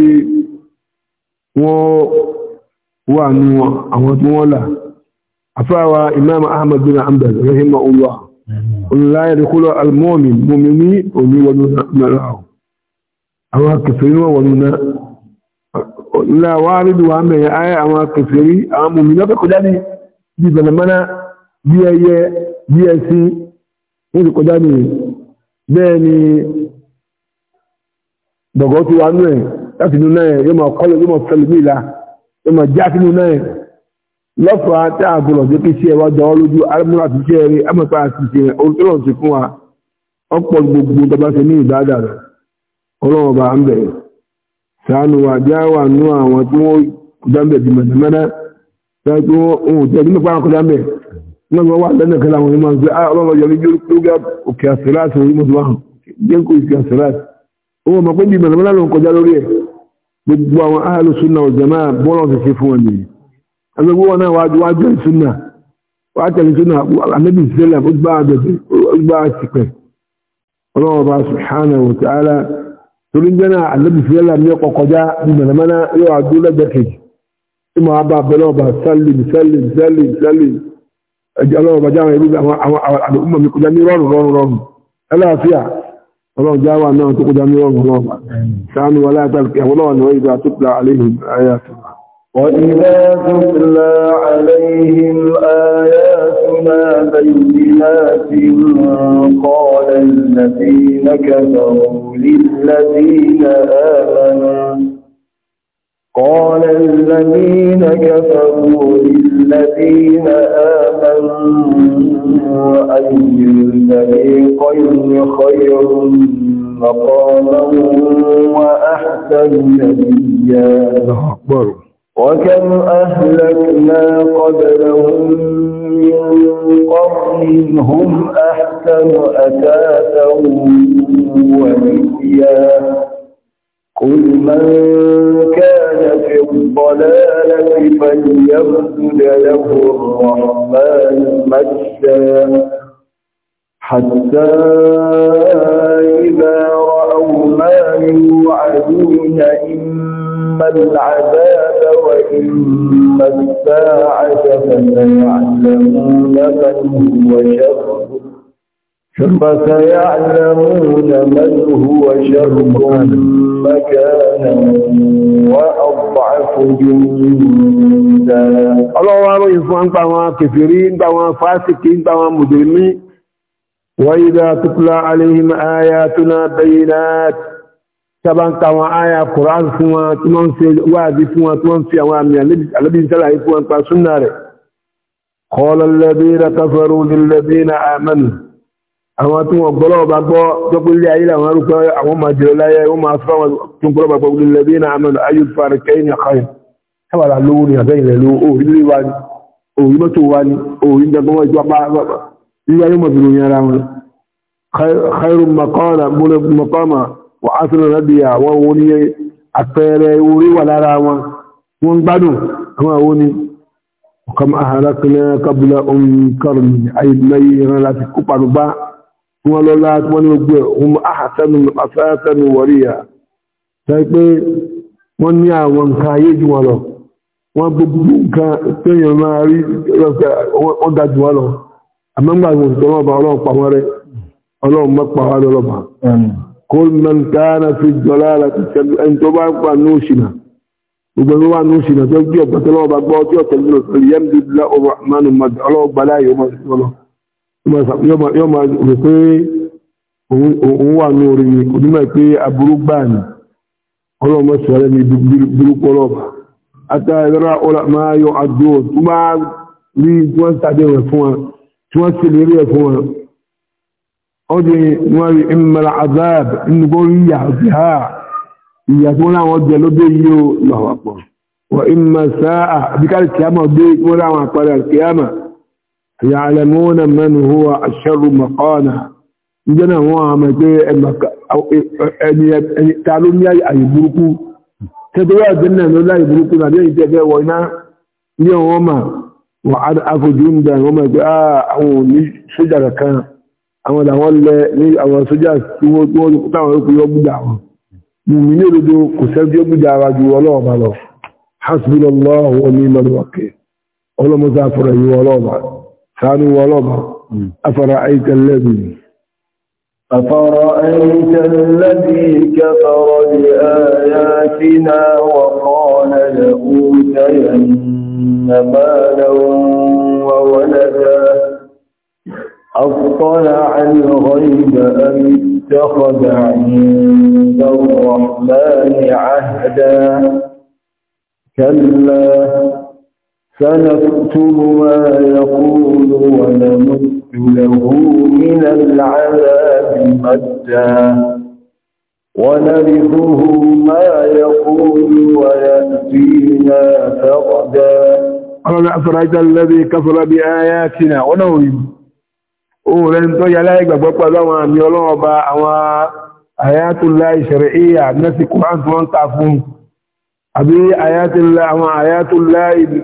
wọ́n wà ní àwọn tí wọ́n là afáwa imam ahmad bin hanbal rahimahullah oníláyà rí kúrò almomin mumini òní wọnú náà àwọn kẹfẹ́rí wọ́n wọnú náà ńlá wá rí duwa mẹ́rin ayé àwọn kẹfẹ́rí àwọn kọjá ní bí bẹ̀rẹ̀ wọ́n ti kọjá ní bẹ́ẹ̀ ni bọ̀gọ́ ti wà nú ẹ̀ láti inú náà yóò máa kọ́lọ̀ yóò máa fẹ́lẹ̀ míìlá yóò máa já sínú náà lọ́fàá tí a gbọ́dọ̀ jẹ́ kí wa lójú arábìnrin àti amọ̀pá àti ti fún wa ọ̀pọ̀ gbogbo ṣe ní ìbáàdà ọlọ́run ọba lọ́gbọ́ wà lẹ́nàkan àwọn ìmọ̀ ìgbé ah, ọlọ́rọ̀ yọrí lórí òkè àṣíràṣì orí mọ̀tò wáhùn jẹ́kù ìsì àṣíràṣì ó wọ́n mọ̀ pé bíbẹ̀ lọ́mọdé ló ń kọjá lórí ẹ̀ gbogbo àwọn ahlu sunna wal jamaa bọ́ọ̀lù ti ṣe fún wọn nìyí agbègbè wọn náà wájú wájú ẹ̀ sunna wá tẹ̀lé sunna anábì sẹ́lẹ̀ ó gbá àgbẹ̀sẹ̀ ó gbá àṣìpẹ̀ ọlọ́run bá subhanahu wa ta'ala torí jẹ́ náà anábì sẹ́lẹ̀ ọlọ́run bá jáwọ́ ìrúgbà àwọn àdùnkùnmọ̀ mi kọjá ní rọrùn rọrùn rọrùn ẹlàáfíà ọlọ́run jáwà náà tó kọjá ní rọrùn rọrùn sáánù wà láàtàkì àwọn ọlọ́run wọ́n ìgbà tó pla àléhìn ayàtùmá وإذا تتلى عليهم آياتنا بينات قال الذين كفروا للذين آمنوا قال الذين كفروا للذين آمنوا أي الفريقين خير مقاما وأحسن نبيا الله أكبر وكم أهلكنا قبلهم من قرن هم أحسن أثاثا ونسيا قل من في الضلالة فليمدد له الرحمن مجدا حتى إذا رأوا ما يوعدون إما العذاب وإما الساعة فسيعلمون من هو شر فسيعلمون من هو شر مكانا وأضعف جندا الله رأيه سبحانه طوى كفرين طوى فاسقين طوى مجرمين وإذا تتلى عليهم آياتنا بينات طبعا طوى آية قرآن سوى تمنسي وادي سوى تمنسي وامي الذي صلى الله طوى سنة قال الذين كفروا للذين آمنوا àwọn tí wọ́n gbọ́lọ́ bá gbọ́ tọ́pọ̀ ilé ayé làwọn arúgbó àwọn máa jẹ́ láyé wọ́n máa fẹ́ wọn tó ń gbọ́lọ́ bá gbọ́ ilé bí náà àmọ́ ayé fara kẹ́yìn ní àkàyìn lówó ni àbẹ́yìn lówó òòrí lè wá ní òòrí mọ́tò wá ní òòrí ń dàgbọ́n ìjọ pa ilé ayé mọ̀tò lóyún wọ́n lọ láti wọ́n ní ogbó ẹ̀ ohun àhàtẹ́nu afẹ́fẹ́nu wọ̀rí ya tẹ́ pé wọ́n ní àwọn nǹkan ayé jù wọn lọ wọ́n gbogbo nǹkan tẹ́yàn máa rí wọ́n ga jù wọn lọ àmọ́gbà ìwọ̀n tó lọ́ba wọ́n rẹ ọlọ́run yóò máa rò pé òun wà ní orí ni kò nígbà pé aburú gbà ní ọlọ́mọ sọ̀rọ̀ ní burúkú ọlọ́ba ata ìlera ọlọ́ máa yọ àjò tó máa rí tí wọ́n sáré rẹ̀ fún wọn tí wọ́n sì lérí ẹ̀ fún wọn ọdún ni wọ́n rí ìmọ̀lá azab nígbó rí ìyà sí ha ìyà tí wọ́n láwọn jẹ ló yìí ó lọ́wọ́ pọ̀ wọ́n ìmọ̀ sáà àbíkárì kìámà gbé wọ́n láwọn àpárẹ̀ kìámà يعلمون من هو الشر مقانا njẹ́nà wọn a mọ̀ pé ẹni ta ló ní àyè burúkú tẹ́tọ́wọ́ àjẹ́nà ló láyè burúkú náà lẹ́yìn tẹ́fẹ́ wọ iná ma wà áfojú ń dà wọ́n mọ̀ pé àwọn òní sójà kankan àwọn làwọn lẹ ní àwọn sójà tí wọ́n táwọn ó kúyọ́ gbúdà wọn mùmí ní òdodo kò sẹ́fí ó gbúdà wa ju ọlọ́ọ̀ba lọ hasbunallahu wa ni'mal wakeel ọlọ́mọsá fọ̀rọ̀ yìí ọlọ́ọ̀ba قالوا ولما أفرأيت الذي أفرأيت الذي كفر بآياتنا وقال لأوتين مالا وولدا أطلع الغيب أم اتخذ عند الرحمن عهدا كلا سنكتب ما يقول ونمد له من العذاب مدا ونرثه ما يقول ويأتينا فردا قال أفرج الذي كفر بآياتنا ونوي أولاً تجعل لك بطل لهم أن يلوبا آيات الله الشرعية الناس القرآن فلن تعفون أبي آيات الله وآيات الله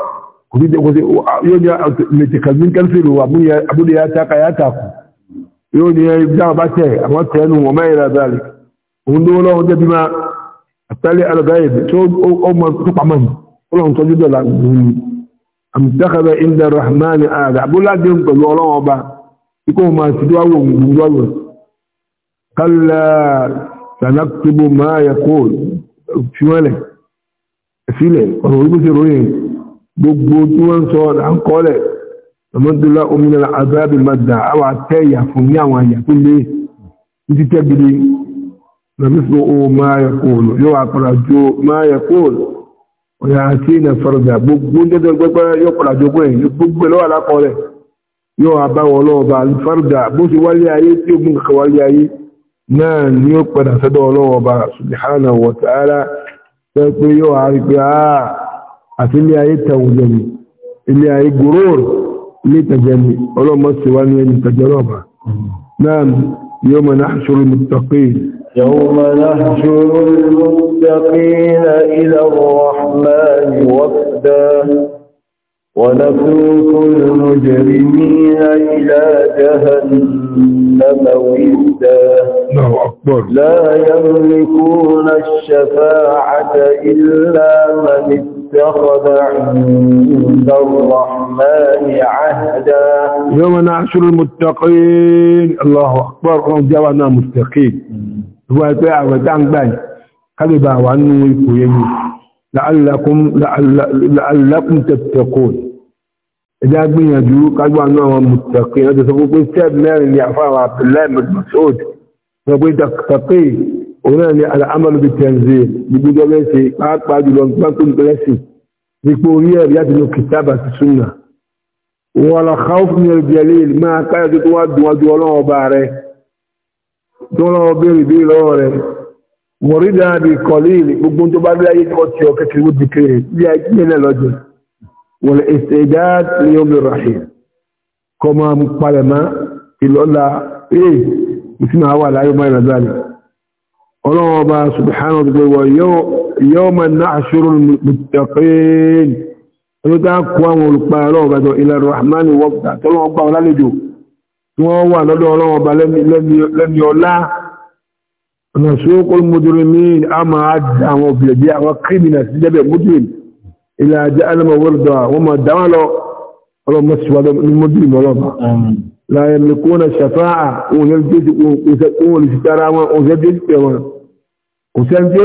ku ji ku sai yau ne mai takalmin karfe ruwa abu da ya taka ya taku yau ne ya yi dama ba ta yi a wata yanu wa mai ra zali òun ló lọ́wọ́ jẹ́ bí máa àtàlẹ́ alàgáyé tó ọmọ tó pàmọ́ ní ọlọ́run tọ́jú dọ̀la gbùn àmìtàkàbẹ̀ ilẹ̀ rahman ààrẹ abúládé ń pẹ̀lú ọlọ́run ọba tí kò máa ti dúwáwò gbùn lọ́wọ́ kálá sàlákìbò máa yẹ kó fi wọ́n lẹ̀ sílẹ̀ ọ̀rọ̀ orí bó ṣe ròyìn gbogbo tí wọ́n ń sọ là ń kọ́lẹ̀ ọmọdúnlá omínira azabi mazda àwọn atẹ́ ìyà fún ní àwọn àyà tó lé títí tẹ́gìrì nàbí fún o máa yẹ kóòlù yóò àpàrà jo máa yẹ kóòlù ọ̀yà àti ìnà fọ́rọ̀dà gbogbo dẹ́dẹ́ gbẹ́gbẹ́ yóò pàrà jo pé gbogbo lọ́wọ́ alákọ̀ọ́lẹ̀ yóò àbáwọ̀ ọlọ́ọ̀bà fọ́rọ̀dà bó ti wálé ayé tí ogun kàkà wálé ayé náà ni yóò padà sọ́dọ̀ ọlọ́ọ̀bà subhanahu wa ta'ala pé yóò àrí pé àti ilé ayé tẹ̀wùjẹ̀mì ilé ayé gòròrò ilé tẹ̀jẹ̀mì ọlọ́mọ sí wá ní ẹni tẹ̀jẹ̀rọ̀ ọ̀bà náà yóò mọ̀ náà ṣòro mi tọ́pẹ́ يوم نحشر المتقين إلى الرحمن وفدا ونسوق المجرمين إلى جهنم وفدا الله أكبر لا يملكون الشفاعة إلا من اتخذ عند الرحمن عهدا يوم نعشر المتقين الله أكبر الله جوانا متقين واتع قال قلبا وعنه يكوين لعلكم لعل لعلكم تتقون إذا بنجوا قالوا أنهم متقين هذا سبب السبب ما يعفى عبد الله بن مسعود سبب تقي òun ni al'amalu bi tẹ̀nzé gbogbo mẹ́sẹ̀ pàápàá jùlọ gbákùn blessing nípo orí ẹ̀rí àtinú kìtàbà ti súnà wọ́n lọ káwọ́ fún ẹ̀rù jẹ́lẹ̀ máa káyọ̀ tó wá dùnwájú ọlọ́ọba rẹ̀ tó lọ́wọ́ béèrè bí lọ́wọ́ rẹ̀ wọ̀rí dáadé kọ̀lé gbogbo tó bá láyé tó ti ọ kékeré ó dìkéré ní omi ọlọ́ọba subhanahu wa ta'ala yawma nahshuru al-muttaqin ẹgbẹ́ta kó àwọn olùpa ọlọ́ọba jọ ila rahman wọ́pta tọ́lọ́ọba ọlálejò tí wọ́n wà lọ́dọ̀ ọlọ́ọba lẹ́ni ọlá nasuqul mujrimin a máa dá àwọn òbìlẹ̀bí àwọn criminals ti jẹ́bẹ̀ mujrim ila لا يملكون الشفاعة ويقول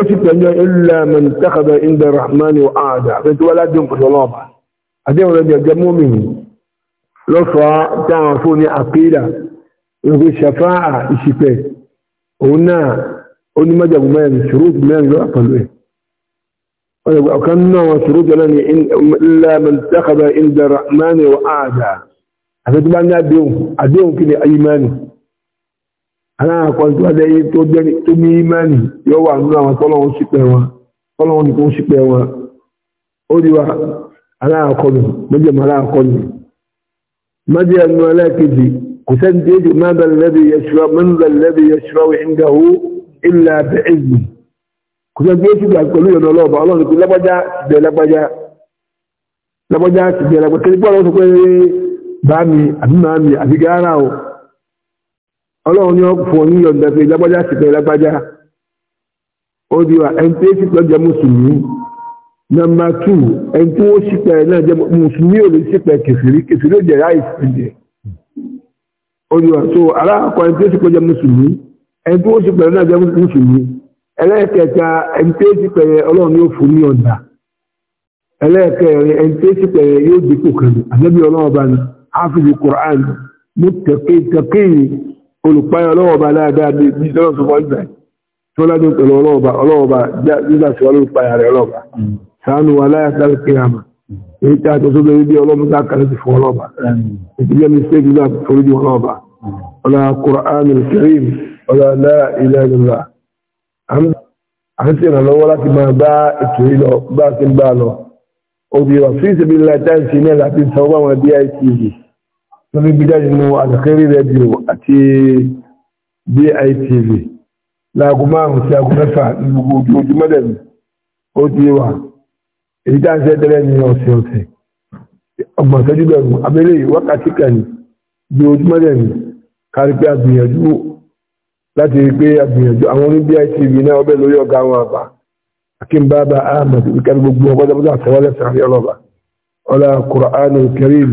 كان إلا من اتخذ عند الرحمن وآدع فتولدهم قصلابا أدعو الذي يجمو منه لصا تعرفون عقيدة يقول الشفاعة الشفاء هنا هنا ما جابوا ما الشروط يعني ما يجب يعني أقل إيه وكان شروط إلا من اتخذ عند الرحمن وآدع àti tó bá ní àdéhùn àdéhùn kí ni ayímánì aláàkọ́ tó wájẹ́ yí tó jẹ́ tó ní ìmánì yóò wà nínú àwọn tọ́lọ́wọ́n sípẹ́ wọn tọ́lọ́wọ́n ní kó ń sípẹ́ wọn ó rí wa aláàkọ́ nù méjèèmọ́ aláàkọ́ nù májẹ́ ẹnu ẹlẹ́ẹ̀kejì kò sẹ́ni tí èdè máa bẹ̀rẹ̀ lẹ́bi yẹsùrọ̀ máa bẹ̀rẹ̀ lẹ́bi yẹsùrọ̀ ìgbàwó bá mi àbí máa mi àbí gáárà o ọlọ́run fún ọ ní lágbájá sì lágbájá ó di wa ẹni sì pẹ́ jẹ́ mùsùlùmí tù ẹni ó sì pẹ́ náà jẹ́ mùsùlùmí ò lè sì pẹ́ kẹfìrí kẹfìrí ó jẹ́ ráì ó di wa aláàkọ ẹni sì pẹ́ jẹ́ mùsùlùmí ẹni ó sì pẹ́ náà jẹ́ mùsùlùmí ẹlẹ́ẹ̀kẹta ẹni sì pẹ́ ọlọ́run fún ẹlẹ́ẹ̀kẹrin ẹni hafizu Qur'an mutaqiyi olùpáyọ ọlọ́wọ́ba dáadáa bí lọ́rọ̀ tó wọ́n gbà tó ládùn pẹ̀lú ọlọ́wọ́ba ọlọ́wọ́ba nígbà tí wọ́n olùpáyà rẹ̀ ọlọ́wọ́ba sànù wà láyà sáré kíyàmà èyí tí a tó sóbẹ̀ ibi ọlọ́mọdá kàlẹ́ ti fún ọlọ́wọ́ba ìdílé mi ṣe gbígbà foríjì ọlọ́wọ́ba ọlá Qur'an al-Karim ọlá láìláìlá àti ìrànlọ́wọ́ láti máa bá ètò ìlọ bá ti ń bá lọ obìnrin ọ̀fíìsì bí láìtáìsì náà láti sọ lórí gbígbájú nínú àtàkẹ́rí radio ati bitv láago márùn-ún sí aago mẹ́fà gbogbo ojoojúmọ́ dẹ̀mí ó ti wà èyí tá à ń ṣe tẹ́lẹ̀ ní ọ̀sẹ̀ ọ̀sẹ̀ ọgbọ̀n ìṣẹ́jú dẹ̀mí abẹ́lẹ̀ wákàtí kan ní ojoojúmọ́ dẹ̀mí kárí pé agbìyànjú láti rí pé agbìyànjú àwọn oní bitv náà ọbẹ̀ lórí ọ̀gá wọn àbá akínbábà ahmed wíkẹ́ gbogbo ọgbọ́dọ̀ àtẹwọ́lẹ̀ sàrí ọlọ́ba ọlá kùránù kẹrìm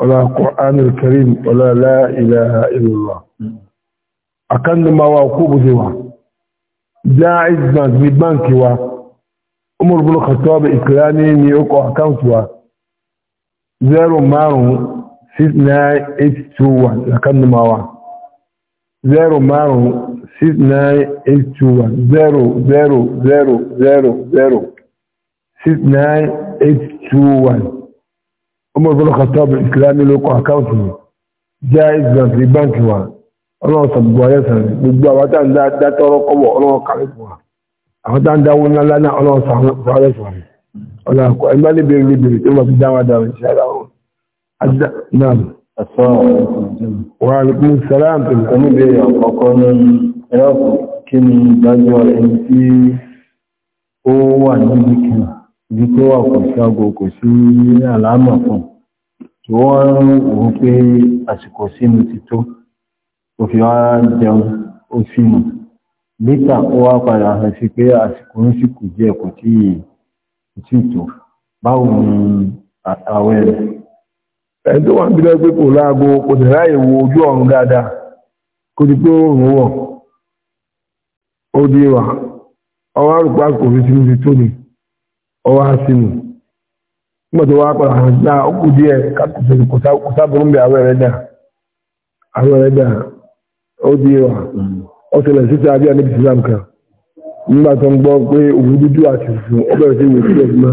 ولا القرآن الكريم ولا لا إله إلا الله أكن ما وقوب ذوا جاعز بانك بالبنك وا عمر بن الخطاب إكلاني نيوكو أكاونت وا زيرو مارو ستنا إيت تو أكن ما وا زيرو مارو ستنا إيت تو زيرو زيرو زيرو زيرو زيرو ستنا إيت تو Umar bin Khattab ìsìlámi ló kọ àkáǹtì Jaiz Bank ní báǹkì wa ọlọ́run sọ̀gbọ̀ ayẹ́sàn gbogbo àwọn tá ń dá tọ́rọ kọ́wọ́ ọlọ́run kàrí fún wa àwọn tá ń dáwó ńlá lánàá ọlọ́run sọ̀gbọ̀ ayẹ́sàn wa ọlọ́run kọ́ ẹgbẹ́ lè béèrè lè béèrè tó wà sí dáwà dáwà ìṣẹ́ ara wọn. naam. wa alaikum salaam tó nǹkan ní ìbéèrè àkọ́kọ́ ní ẹ̀rọ kí ni ìdájọ́ ẹni tí ó wà níbi kan ibi tó wà kò sí ago kò sí àlámọ̀ fún tí wọ́n wọ́n pé àsìkò sínú ti tó ó fi wá jẹun ó sínú lítà ó wá padà hàn sí pé àsìkò ń sì kù díẹ̀ kò tí kò tí tó báwo ni àwẹ̀ rẹ̀. ẹni tó wà ń bílẹ̀ pé kò láago kò sì ráàyè wo ojú ọ̀run dáadáa kó di pé oòrùn wọ̀ ó di wà ọwọ́ àrùpá kò sínú ti tó ni. ọwọ́ asinu nígbàtí wọ́n apá di wa ọ̀sẹ̀lẹ̀ síta abíyá níbi islam kan nígbà tó ń gbọ́ pé òun dúdú àti fún ọbẹ̀ sí ìwé sílẹ̀ fi má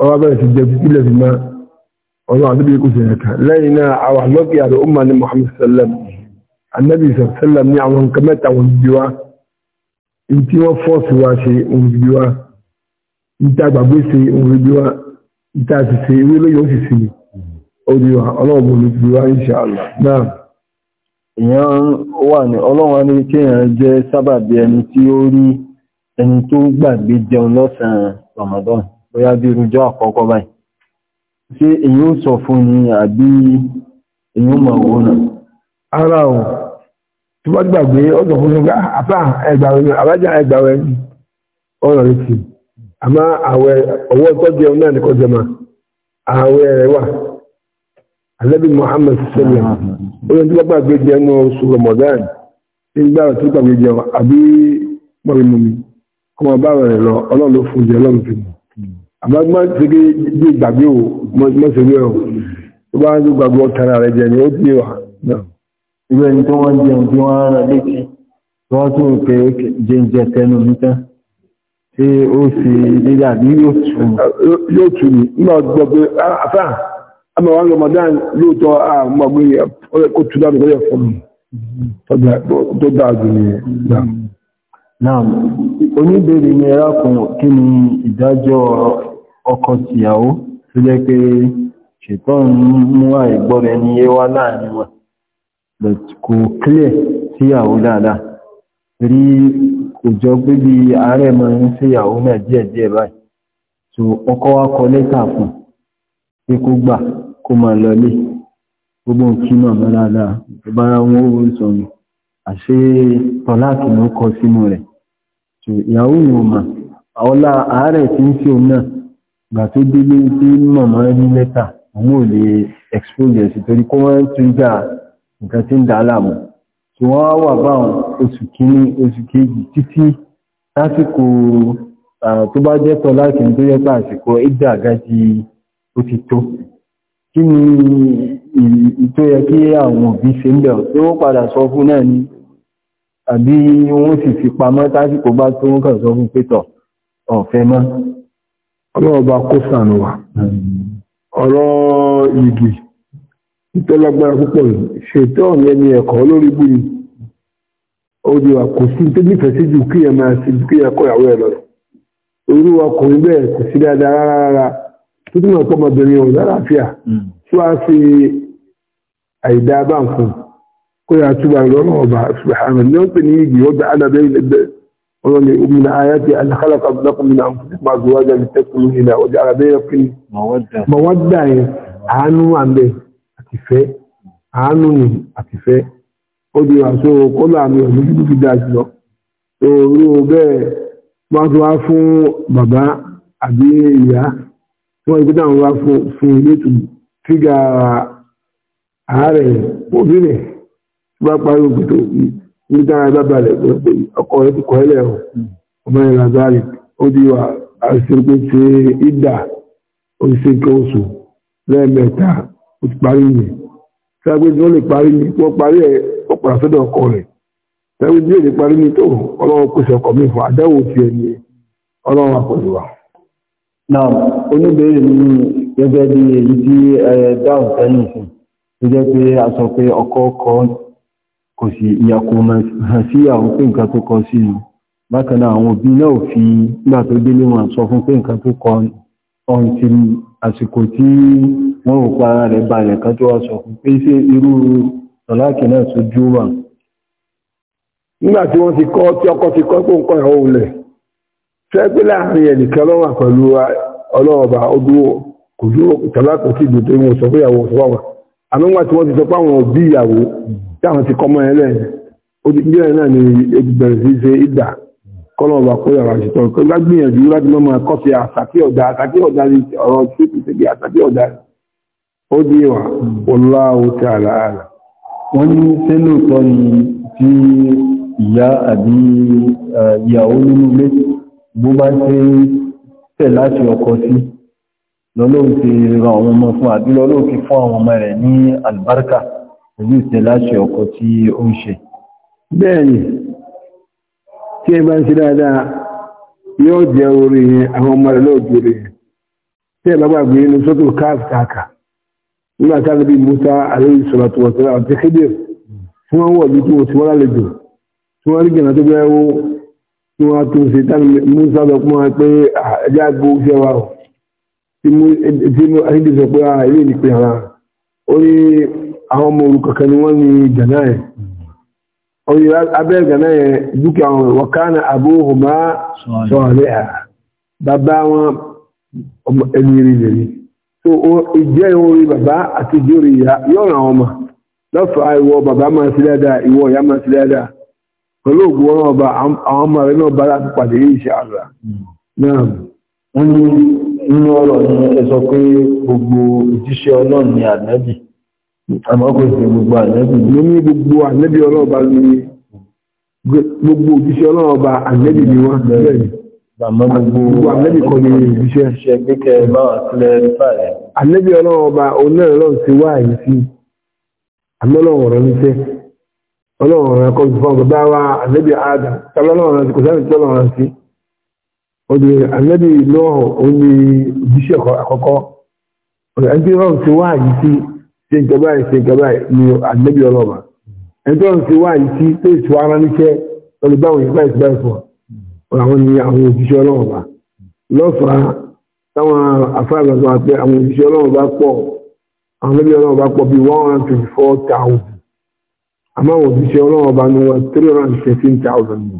ọwọ́ abẹ́rẹ́ sí jẹ sílẹ̀ fi má ọlọ́run àti bíi kò sí ẹ̀ka lẹ́yìn náà àwọn àlọ́kì àti anabi sallam ni wọn wọn wa ṣe níta gbàgbé ṣe ohun wa níta sì ewé lóyún sì òdi wa ọlọ́ọ̀bù ló fi wá insha Allah náà. èèyàn wà ní ọlọ́run ní kéèyàn jẹ́ sábàbí ẹni tí ó rí ẹni tó gbàgbé jẹun lọ́sàn-án Ramadan bóyá bí irújọ́ àkọ́kọ́ báyìí ṣé èyí sọ fún ni àbí èyí ó ma owó ara ò tí wọ́n gbàgbé fún mi ah, ọ̀rọ̀ àmọ́ àwẹ̀ ọwọ́ tọ́jú ẹ̀hún náà nìkan jẹma àwẹ̀ rẹ̀ wà alẹ́bí Muhammad sẹ́lẹ̀ oye tí wọ́n gbàgbé jẹ ẹnu oṣù Ramadan tí gbà tí wọ́n gbàgbé jẹ àbí mọ̀rìmù mi ọmọ bá rẹ̀ lọ ọlọ́run ló fún jẹ ọlọ́run fi mọ̀ àmọ́ má ti gé bí ìgbàgbé o mọ́sẹ̀ rí ọ tó bá ń gbàgbé ọ̀tara rẹ̀ jẹ ni ó ti wà náà. ìwé ẹni tó wọ́n jẹun tí wọ́n rán létí wọ́n tún pé jẹ́ ń jẹ ṣe ó ṣe dédé àbí yóò tù yóò tù ní nígbà gbọ́ pé ah, Ramadan lóòótọ́ àmọ́ pé ó tù dáadọ́ lọ́yẹ̀ fún tó dáa jù ní náà oníbèrè kí ni ìdájọ́ ọkọ tìyàwó tó jẹ́ pé ṣètọ́n mú àìgbọ́rẹ̀ ní yé láàrin wọn kò clear dáadáa kò jọ pé bí ààrẹ máa ń ṣèyàwó náà díẹ̀díẹ̀ báyìí tó ọkọ wá kọ lẹ́tà fún pé kó gbà kó ma lọlé gbogbo nǹkí náà mọ́ ìbára wọn ó ń sọnù àṣé tọ́láàkì ló kọ sínú rẹ̀ ìyàwó yìí mà ọlá ààrẹ tí ń ṣe òun náà gbà tó délé tí màmá ní lẹ́tà òun ò lè expose ẹ̀ sí torí kó wọ́n tún gbà nǹkan oṣù kìíní oṣù kejì títí lásìkò tó bá jẹ́ tọ́ láti ní tó yẹ pé àsìkò ìdá àgájí ó ti tó kí ni tó yẹ kí àwọn òbí ṣe ń bẹ̀ tó wọ́n padà sọ fún náà ni àbí wọ́n sì fi pamọ́ tásìkò bá tó wọ́n kàn sọ fún pétọ̀ ọ̀fẹ́ mọ́ ọlọ́ọ̀bá kó sànù wà ọ̀rọ̀ yìgì ìtọ́lágbára púpọ̀ ṣètọ́ ọ̀nà ẹni ẹ̀kọ́ lórí bú ó di wa kò sí tó nífẹ̀ẹ́ sí ju kí ẹ máa ṣe ju kí ẹ kọ́ ìyàwó ẹ lọ irú ọkùnrin bẹ́ẹ̀ kò sí dáadáa rárá rárá tó túnmọ̀ pọ̀ ọmọbìnrin ọ̀hún lálàáfíà hmm. tí wàá fi àìdá bá ń fún kó yà túbà lọ́nà ọba ṣùgbọ́n ní wọ́n pè ní igi ọgbà alábẹ́ ilẹ̀ ọlọ́run ní omi náà ayé ti alákàlàkà lọ́kùn náà fún ma gbọ́ wájà ní tẹ́kùn náà ọjà ó di àṣọ kọ́là mi ọ̀dún títí fi dáa jùlọ òru bẹ́ẹ̀ wọ́n ti wá fún bàbá àbí ìyá tí wọ́n ti dáhùn wá fún ilé tù fígà ààrẹ òbí rẹ̀ tí wọ́n parí òkú tó ní dára bàbá rẹ̀ pé ọkọ̀ rẹ̀ ti kọ́ ẹlẹ́ ọ̀ ọmọ ìrìn àzáre ó di àṣepé ṣe ìdà oṣù kan oṣù lẹ́ẹ̀mẹ́ta ó ti parí yìí sábẹ́ tí wọ́n lè parí yìí wọ́n parí ẹ̀ ó padà ọkọ rẹ tẹ́wọ́n bí èdè parí ní tó ọlọ́wọ́ pèsè ọkọ̀ mi fún àdáwò tí ẹni wa. oníbèrè ní bí èyí tí dáhùn a ọkọ kò sí ìyàkó hàn sí àwọn pé nǹkan tó kọ sí i bákan náà àwọn òbí náà fi nígbà tó délé wọn sọ fún pé nǹkan tó kọ ti sọ fún pé ọ̀láàkì náà sojú wà nígbà tí wọ́n ti kọ́ tí ọkọ̀ ti kọ́ pé ń kọ́ ẹ̀họ́ olẹ̀ fẹ́ pé láàrin ẹ̀ nìkan pẹ̀lú ọlọ́ọ̀bà ọdún kò dúró tọ́lákò sí ìdòtò ìwọ̀n sọ pé ìyàwó ọ̀sọ́ tí wọ́n ti sọ òbí ìyàwó táwọn ti ẹ lẹ́yìn ó ti gbé náà ní bẹ̀rẹ̀ sí ṣe ìdà wọ́n ní sẹ́lòtọ́ ni tí ìyá àbí ìyàwó nínú ilé bó bá ṣe tẹ̀ láti ọkọ sí lọ́lọ́wọ́ ti ran àwọn ọmọ fún àbí lọ́lọ́wọ́ ti fún àwọn ọmọ rẹ̀ ní albarka pẹ̀lú ìtẹ̀ láti ọkọ tí ó ń ṣe bẹ́ẹ̀ni tí ẹ bá ń ṣe dáadáa yóò jẹ orí àwọn nígbà tí a níbi Musa alayhi salatu wa sallam àti Khidir tí wọ́n wọ̀ ní tí wọ́n ti wọ́n lálejò tí wọ́n rí gẹ̀nà tó bẹ́ẹ̀ wó tí wọ́n tún ṣe tán Musa lọ fún wa pé ẹjẹ́ àgbo iṣẹ́ abẹ́ gẹ̀nà yẹn dúkìá wọn wọ̀ kánà abuhuma sọ̀rọ̀ bàbá wọn ẹni rí lè so ìjẹ́ orí bàbá àti ìjórí ìyá yóò ràn ọmọ lọ́fàá ìwọ bàbá máa sí dáadáa ìwọ ìyá máa sí dáadáa pẹ̀lú ògùn ọ̀rọ̀ ọba àwọn ọmọ rẹ̀ náà bá láti pàdé ìṣẹ́ àrà náà wọ́n ní inú ọ̀rọ̀ gbogbo ọlọ́run ni gbogbo gbogbo gbogbo Àlẹ́bì kan ní ìṣẹ́. Ṣe gbé kẹ máa tilẹ̀ nípa rẹ̀. Àlẹ́bì ọlọ́run ọba òun náà lọ́run ti wá àyè sí. Àmọ́ ọlọ́run ọ̀rọ̀ níṣẹ́. Ọlọ́run ọ̀rọ̀ ẹ̀kọ́ ìfọ́n bàbá wa àlẹ́bì Adam. Tàbí ọlọ́run ọ̀rọ̀ kò sáré tọ́lọ̀ ọ̀rọ̀ sí. Odò àlẹ́bì náà òun ní ìṣẹ́ àkọ́kọ́. Ẹni tí wọ́n ti wá àyè sí ṣe nǹkan báyìí ṣe nǹkan báyìí ni àlẹ́bì ọlọ́ba. Ẹni tí wọ́n ti wá àyè sí tó ìtura níṣẹ́ olùbáwọ̀ ìgbà ìgbà ìfọ̀ọ́ àwọn ni àwọn òjíṣẹ́ ọlọ́run bá lọ́fàá táwọn afáàgbà tó wà pé àwọn òjíṣẹ́ ọlọ́run bá pọ̀ àwọn mẹ́bí ọlọ́run bá pọ̀ bíi one hundred twenty four thousand àmọ́ àwọn òjíṣẹ́ ọlọ́run bá ní wọn three hundred and thirteen thousand ni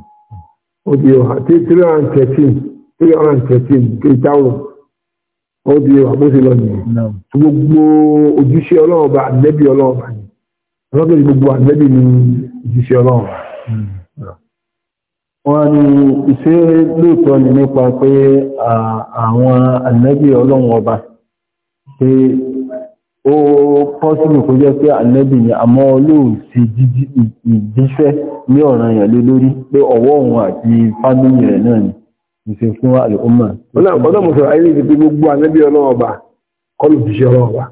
ó di wà three hundred and thirteen three hundred and thirteen three thousand ó di wà bó ṣe lọ nìyẹn gbogbo òjíṣẹ́ ọlọ́run bá àdẹ́bí ọlọ́run bá ni ọlọ́run gbogbo àdẹ́bí ni òjíṣẹ́ ọlọ́run bá. Hmm wọ́n ní ìṣe lóòtọ́ ni nípa pé àwọn ànábì ọlọ́run ọba pé ó pọ́sílù kó jẹ́ pé ànábì ni àmọ́ olóòsì ìjíṣẹ́ ní ọ̀ràn ìyàlé lórí pé ọwọ́ òun àti fámílì rẹ̀ náà ni ìṣe fún àlùkọ́mà. ọlọ́mù sọ̀rọ̀ ayé ti pé gbogbo ànábì ọlọ́run ọba kọlù jíṣẹ́ ọlọ́run ọba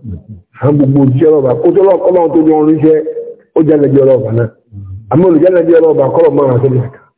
àwọn gbogbo jíṣẹ́ ọlọ́run ọba kó tó lọ́kọ́ náà tó jọ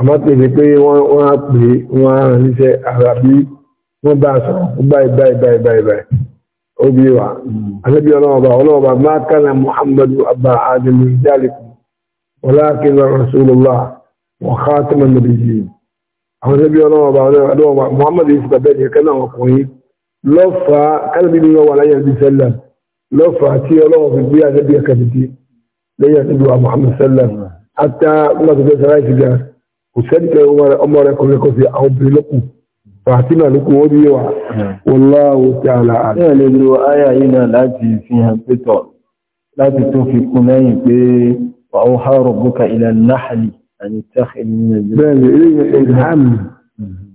àmọ́ pèsè pé wọ́n á pè wọ́n á ràn níṣẹ́ ara bí wọ́n bá a sọ̀rọ̀ báyìí báyìí báyìí báyìí báyìí ó bí wa àtẹ́bí ọlọ́ọ̀bà ọlọ́ọ̀bà máa kánà muhammadu abba adamu jaliku walakin rasulullah wa khatam an-nabiyyin àwọn àtẹ́bí ọlọ́ọ̀bà ọlọ́ọ̀bà muhammadu yìí fìgbà bẹ́ẹ̀ kẹ́lá ọkùnrin lọ́fà kálíbi ni wọ́n wà láyé ẹbí sẹ́lẹ̀ lọ́fà tí ọlọ́wọ́ fi gbé àtẹ́bí ẹ̀kẹ́ kò sẹ́nìkẹ́ ọmọ rẹ̀ kọ́lẹ́ kọ́sí àwọn obìnrin lókù fàtínà lókù ó rí wà wallahu ta'ala. bẹ́ẹ̀ lè lo àyà yìí náà láti fi hàn pé tọ̀ láti tó fi kún lẹ́yìn pé wà ó há rabbuka ila nahli àní tẹ́kẹ̀ nínú ẹgbẹ́. bẹ́ẹ̀ ni eléyìí ìlhàmì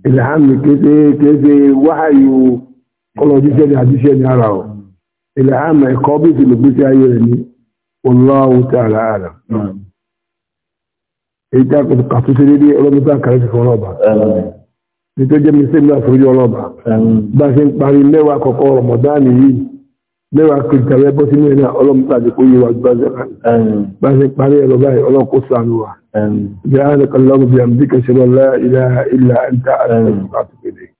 ìlhàmì kéde kéde wáhàyò kọlọ jíṣẹ́ ni àdíṣẹ́ ni ara ọ̀ ìlhàmì ẹ̀kọ́ bí ìsìlẹ̀ gbèsè ayé rẹ̀ ni wallahu ta'ala. Hmm èyí tí a kò kà tún ṣe dédé ọlọ́dún tó àkàrẹ́ ti fún ọlọ́ọ̀bà ní tó jẹ́ mi sí ìlú àforíjì ọlọ́ọ̀bà bá a ṣe ń parí mẹ́wàá kọ̀kọ́ rọ̀mọ̀dánì yìí mẹ́wàá kìrìtà rẹ bọ́ sínú ẹ̀nà ọlọ́mọdé àti kò yé wa bá ṣe ń parí ẹ̀rọ báyìí ọlọ́kó